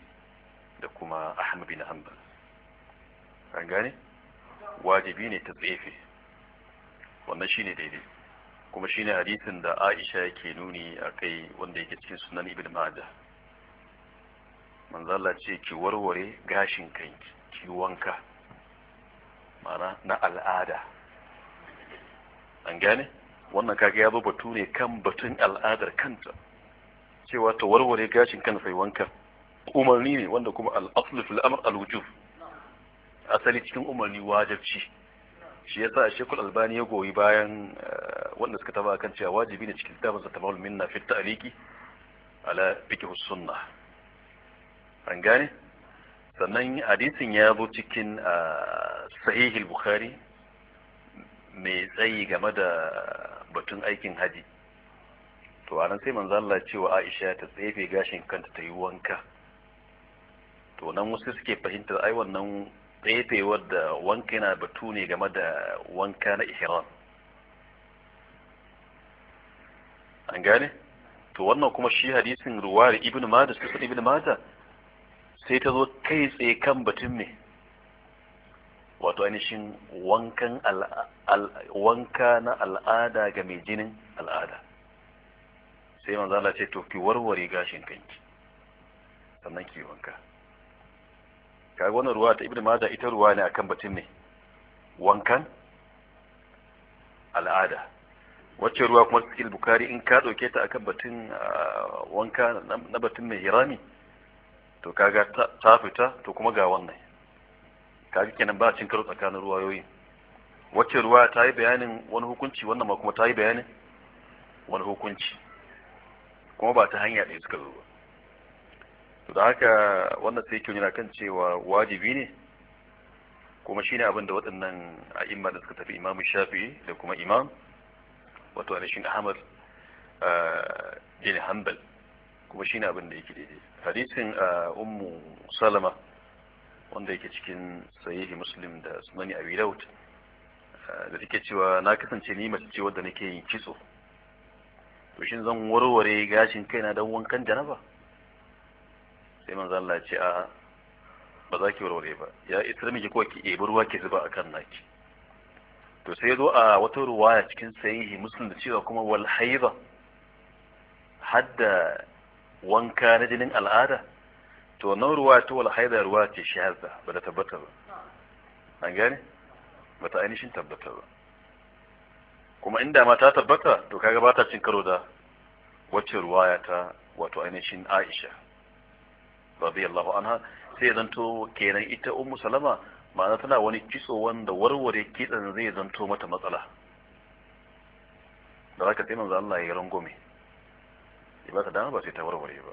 da kuma ahmad bin hanbal an gane wajibi ne ta tsefe wannan shine daidai kuma shine hadisin da aisha yake nuni a kai wanda yake cikin sunan ibn majah manzo Allah ce ki warware gashin kanki ki wanka ma'ana na al'ada an gane wannan kage ya zo batu ne kan batun al'adar kanta cewa ta warware gashin kan sai wanka umarni ne wanda kuma al'aslu fil amr al-wujub asali cikin umarni wajibci shi yasa shekul Albani ya goyi bayan eh, wanda suka taba kan cewa wajibi ne cikin kitabun tabawul Minna fi ta'liqi ala fiqh sunna an gane sannan hadisin ya zo cikin eh, sahih al-Bukhari mai tsayi game da batun aikin haji to anan sai manzo Allah cewa Aisha ta tsefe gashin kanta ta yi wanka to nan wasu suke fahimtar ai wannan fefewar da wanka yana batu ne game da wanka na ihram an gane to wannan kuma shi hadisin ruwari ibn mada su ibn mada sai ta zo kai tsaye kan batun ne wato ainihin wankan wanka na al'ada ga mai jinin al'ada sai manzala ce to ki warware gashin kanki sannan ki wanka kaga wannan ruwa ta ibnu majah ita ruwa ne akan batun ne wankan al'ada wacce ruwa kuma cikin bukari in ka dauke ta akan batun ah, wanka na batun mai hirami to kaga ta fita to kuma ga wannan kaga kenan ba cin karo tsakanin ruwayoyi wacce ruwa ta yi bayanin wani hukunci wannan ma kuma ta yi bayanin wani hukunci kuma ba ta hanya ɗaya suka zo ba da haka wannan sai kyau nuna kan cewa wajibi ne kuma shine abin da waɗannan a'imma da suka tafi Imam shafi da kuma Imam wato Anishin Ahmad ah, bin Hanbal kuma shine abin da yake daidai hadisin ah, Ummu Salama wanda yake cikin sahihi Muslim da Sunani Abi Dawud ah, da take cewa na kasance ni mace ce wadda nake yin kitso to shin zan warware gashin kaina dan wankan janaba sai manzo Allah ya ce a ba za ki warware ba ya isar miki ko ki ebi ruwa ki zuba akan naki to sai zo a wata ruwaya cikin sahihi muslim da cewa kuma wal haida hadda wanka na jinin al'ada to nan ruwa ta wal haida ruwa ce shahada ba da tabbata ba an gane ba ta ainihin tabbata ba kuma inda ma ta tabbata to kaga ba ta cin karo da wacce ruwaya ta wato ainihin Aisha radiyallahu anha sai zanto kenan ita ummu salama ma'ana tana wani kitso wanda warware kitsan zai zanto mata matsala da haka sai manzo Allah ya rangome ba ta dama ba sai ta warware ba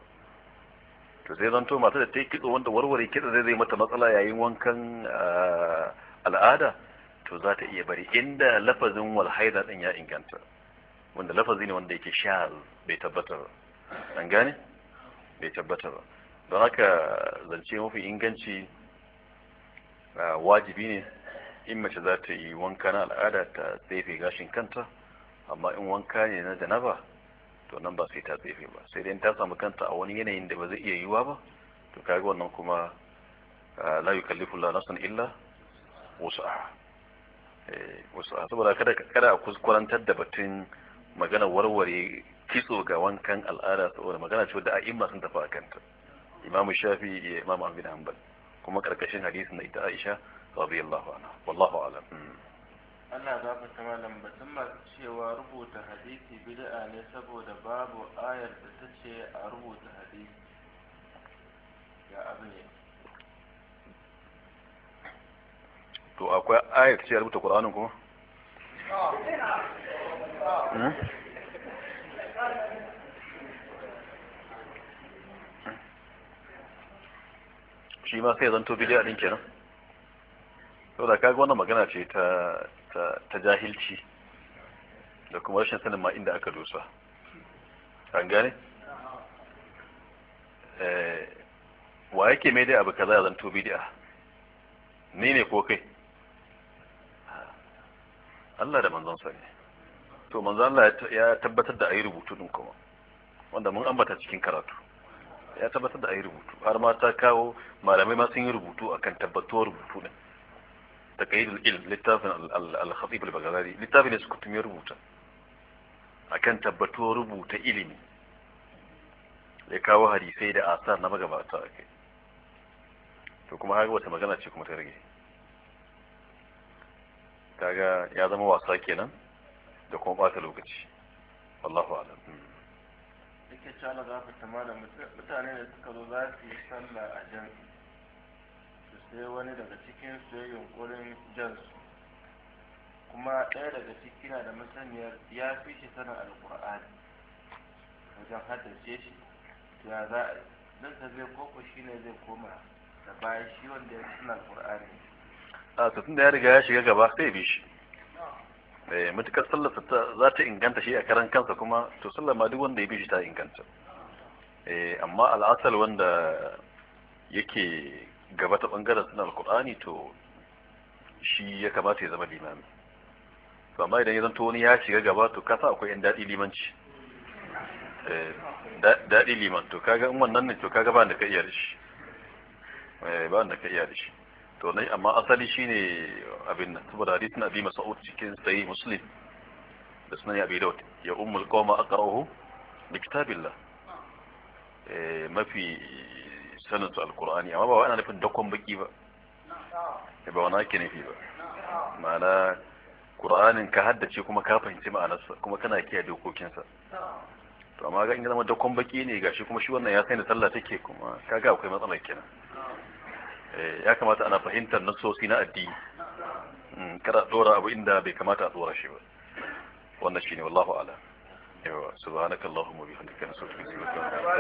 to sai zanto mata da ta kitso wanda warware kitsan zai zai mata matsala yayin wankan ah, al'ada to za ta iya bari inda lafazin haida din ya inganta wanda lafazi ne wanda yake sha bai tabbata ba an gane bai tabbata ba don haka zance mafi inganci wajibi ne in mace za ta yi wanka na al'ada ta tsefe gashin kanta amma in wanka ne na janaba to nan ba sai ta tsefe ba sai dai ta samu kanta a wani yanayin da ba zai iya yiwa ba to kaga wannan kuma la yukallifu la nafsan illa wasu eh, wus'aha saboda kada kada kuskurantar da batun magana warware kitso ga wankan al'ada saboda magana ce da a'imma sun tafi a kanta imamu shafi ya imamu ahmad hanbal kuma karkashin hadisin da ita aisha radiyallahu anha wallahu a'lam hmm. Allah za ka ta lambatun masu cewa rubuta hadisi bid'a ne saboda babu ayar da ta ce a rubuta hadisi ya abin ne. to akwai ayar ta ce a rubuta Qur'anin kuma shi ma sai zanto bidiya din kenan da kaga wannan magana ce ta ta jahilci da kuma rashin sanin ma inda aka dosa an gane eh, wa yake mai dai abu kaza ya zanto bidiya ni ne ko kai Allah da sa ne to manzon Allah ya tabbatar da ayi rubutu din kuma wanda mun ambata cikin karatu ya tabbatar da a yi rubutu har ma ta kawo malamai ma sun yi rubutu akan tabbatuwar rubutu ne ta تقييد العلم للتافن su البغدادي للتافن rubuta a akan tabbatuwar rubuta ilimi ya kawo hadisai da asar na magabata a kai to kuma haka wata magana ce kuma ta rage kaga ya zama wasa kenan da kuma bata lokaci wallahu alam hmm. yake cewa da zafi tama da mutane da suka zo za su yi sallah a jan su sai wani daga cikin su ya yunkurin jan su kuma ɗaya daga ciki na da masaniyar ya fi shi sanin alƙur'ani wajen haddace shi ya za a yi don ta zai koko shi ne zai koma da bayan shi wanda ya fi sanin alƙur'ani a tafin da ya riga ya shiga gaba sai bi shi Eh, matukar sallarsa za ta inganta shi a karan kansa kuma to sallar ma duk wanda ya bi shi ta inganta eh, amma al'asal wanda yake gaba ta bangaren sunan alkur'ani to shi ya kamata ya zama limami to amma idan ya zanto wani ya shiga gaba to kasa akwai yan daɗi limanci eh, daɗi liman to kaga in wannan ne to kaga ba da ka iya da shi ba da ka iya da shi to nai amma asali shine abin nan saboda hadisin abi mas'ud cikin sahih muslim da sunan abi daud ya ummul qawma aqrahu bi kitabillah eh mafi sanin alqur'ani amma ba wai ana nufin dakon baki ba eh, ba wani ake fi ba ma'ana qur'anin ka haddace kuma ka fahimci ma'anarsa kuma kana kiyaye dokokinsa to amma ga in zama dakon baki ne gashi kuma shi wannan ya da sallah take kuma kaga akwai matsalar kenan Eh, ya kamata ana fahimtar nasosi na addini hmm, kada dora abu inda bai kamata a dora shi ba wannan shine wallahu a'lam yawa subhanakallahumma bihamdika nasallu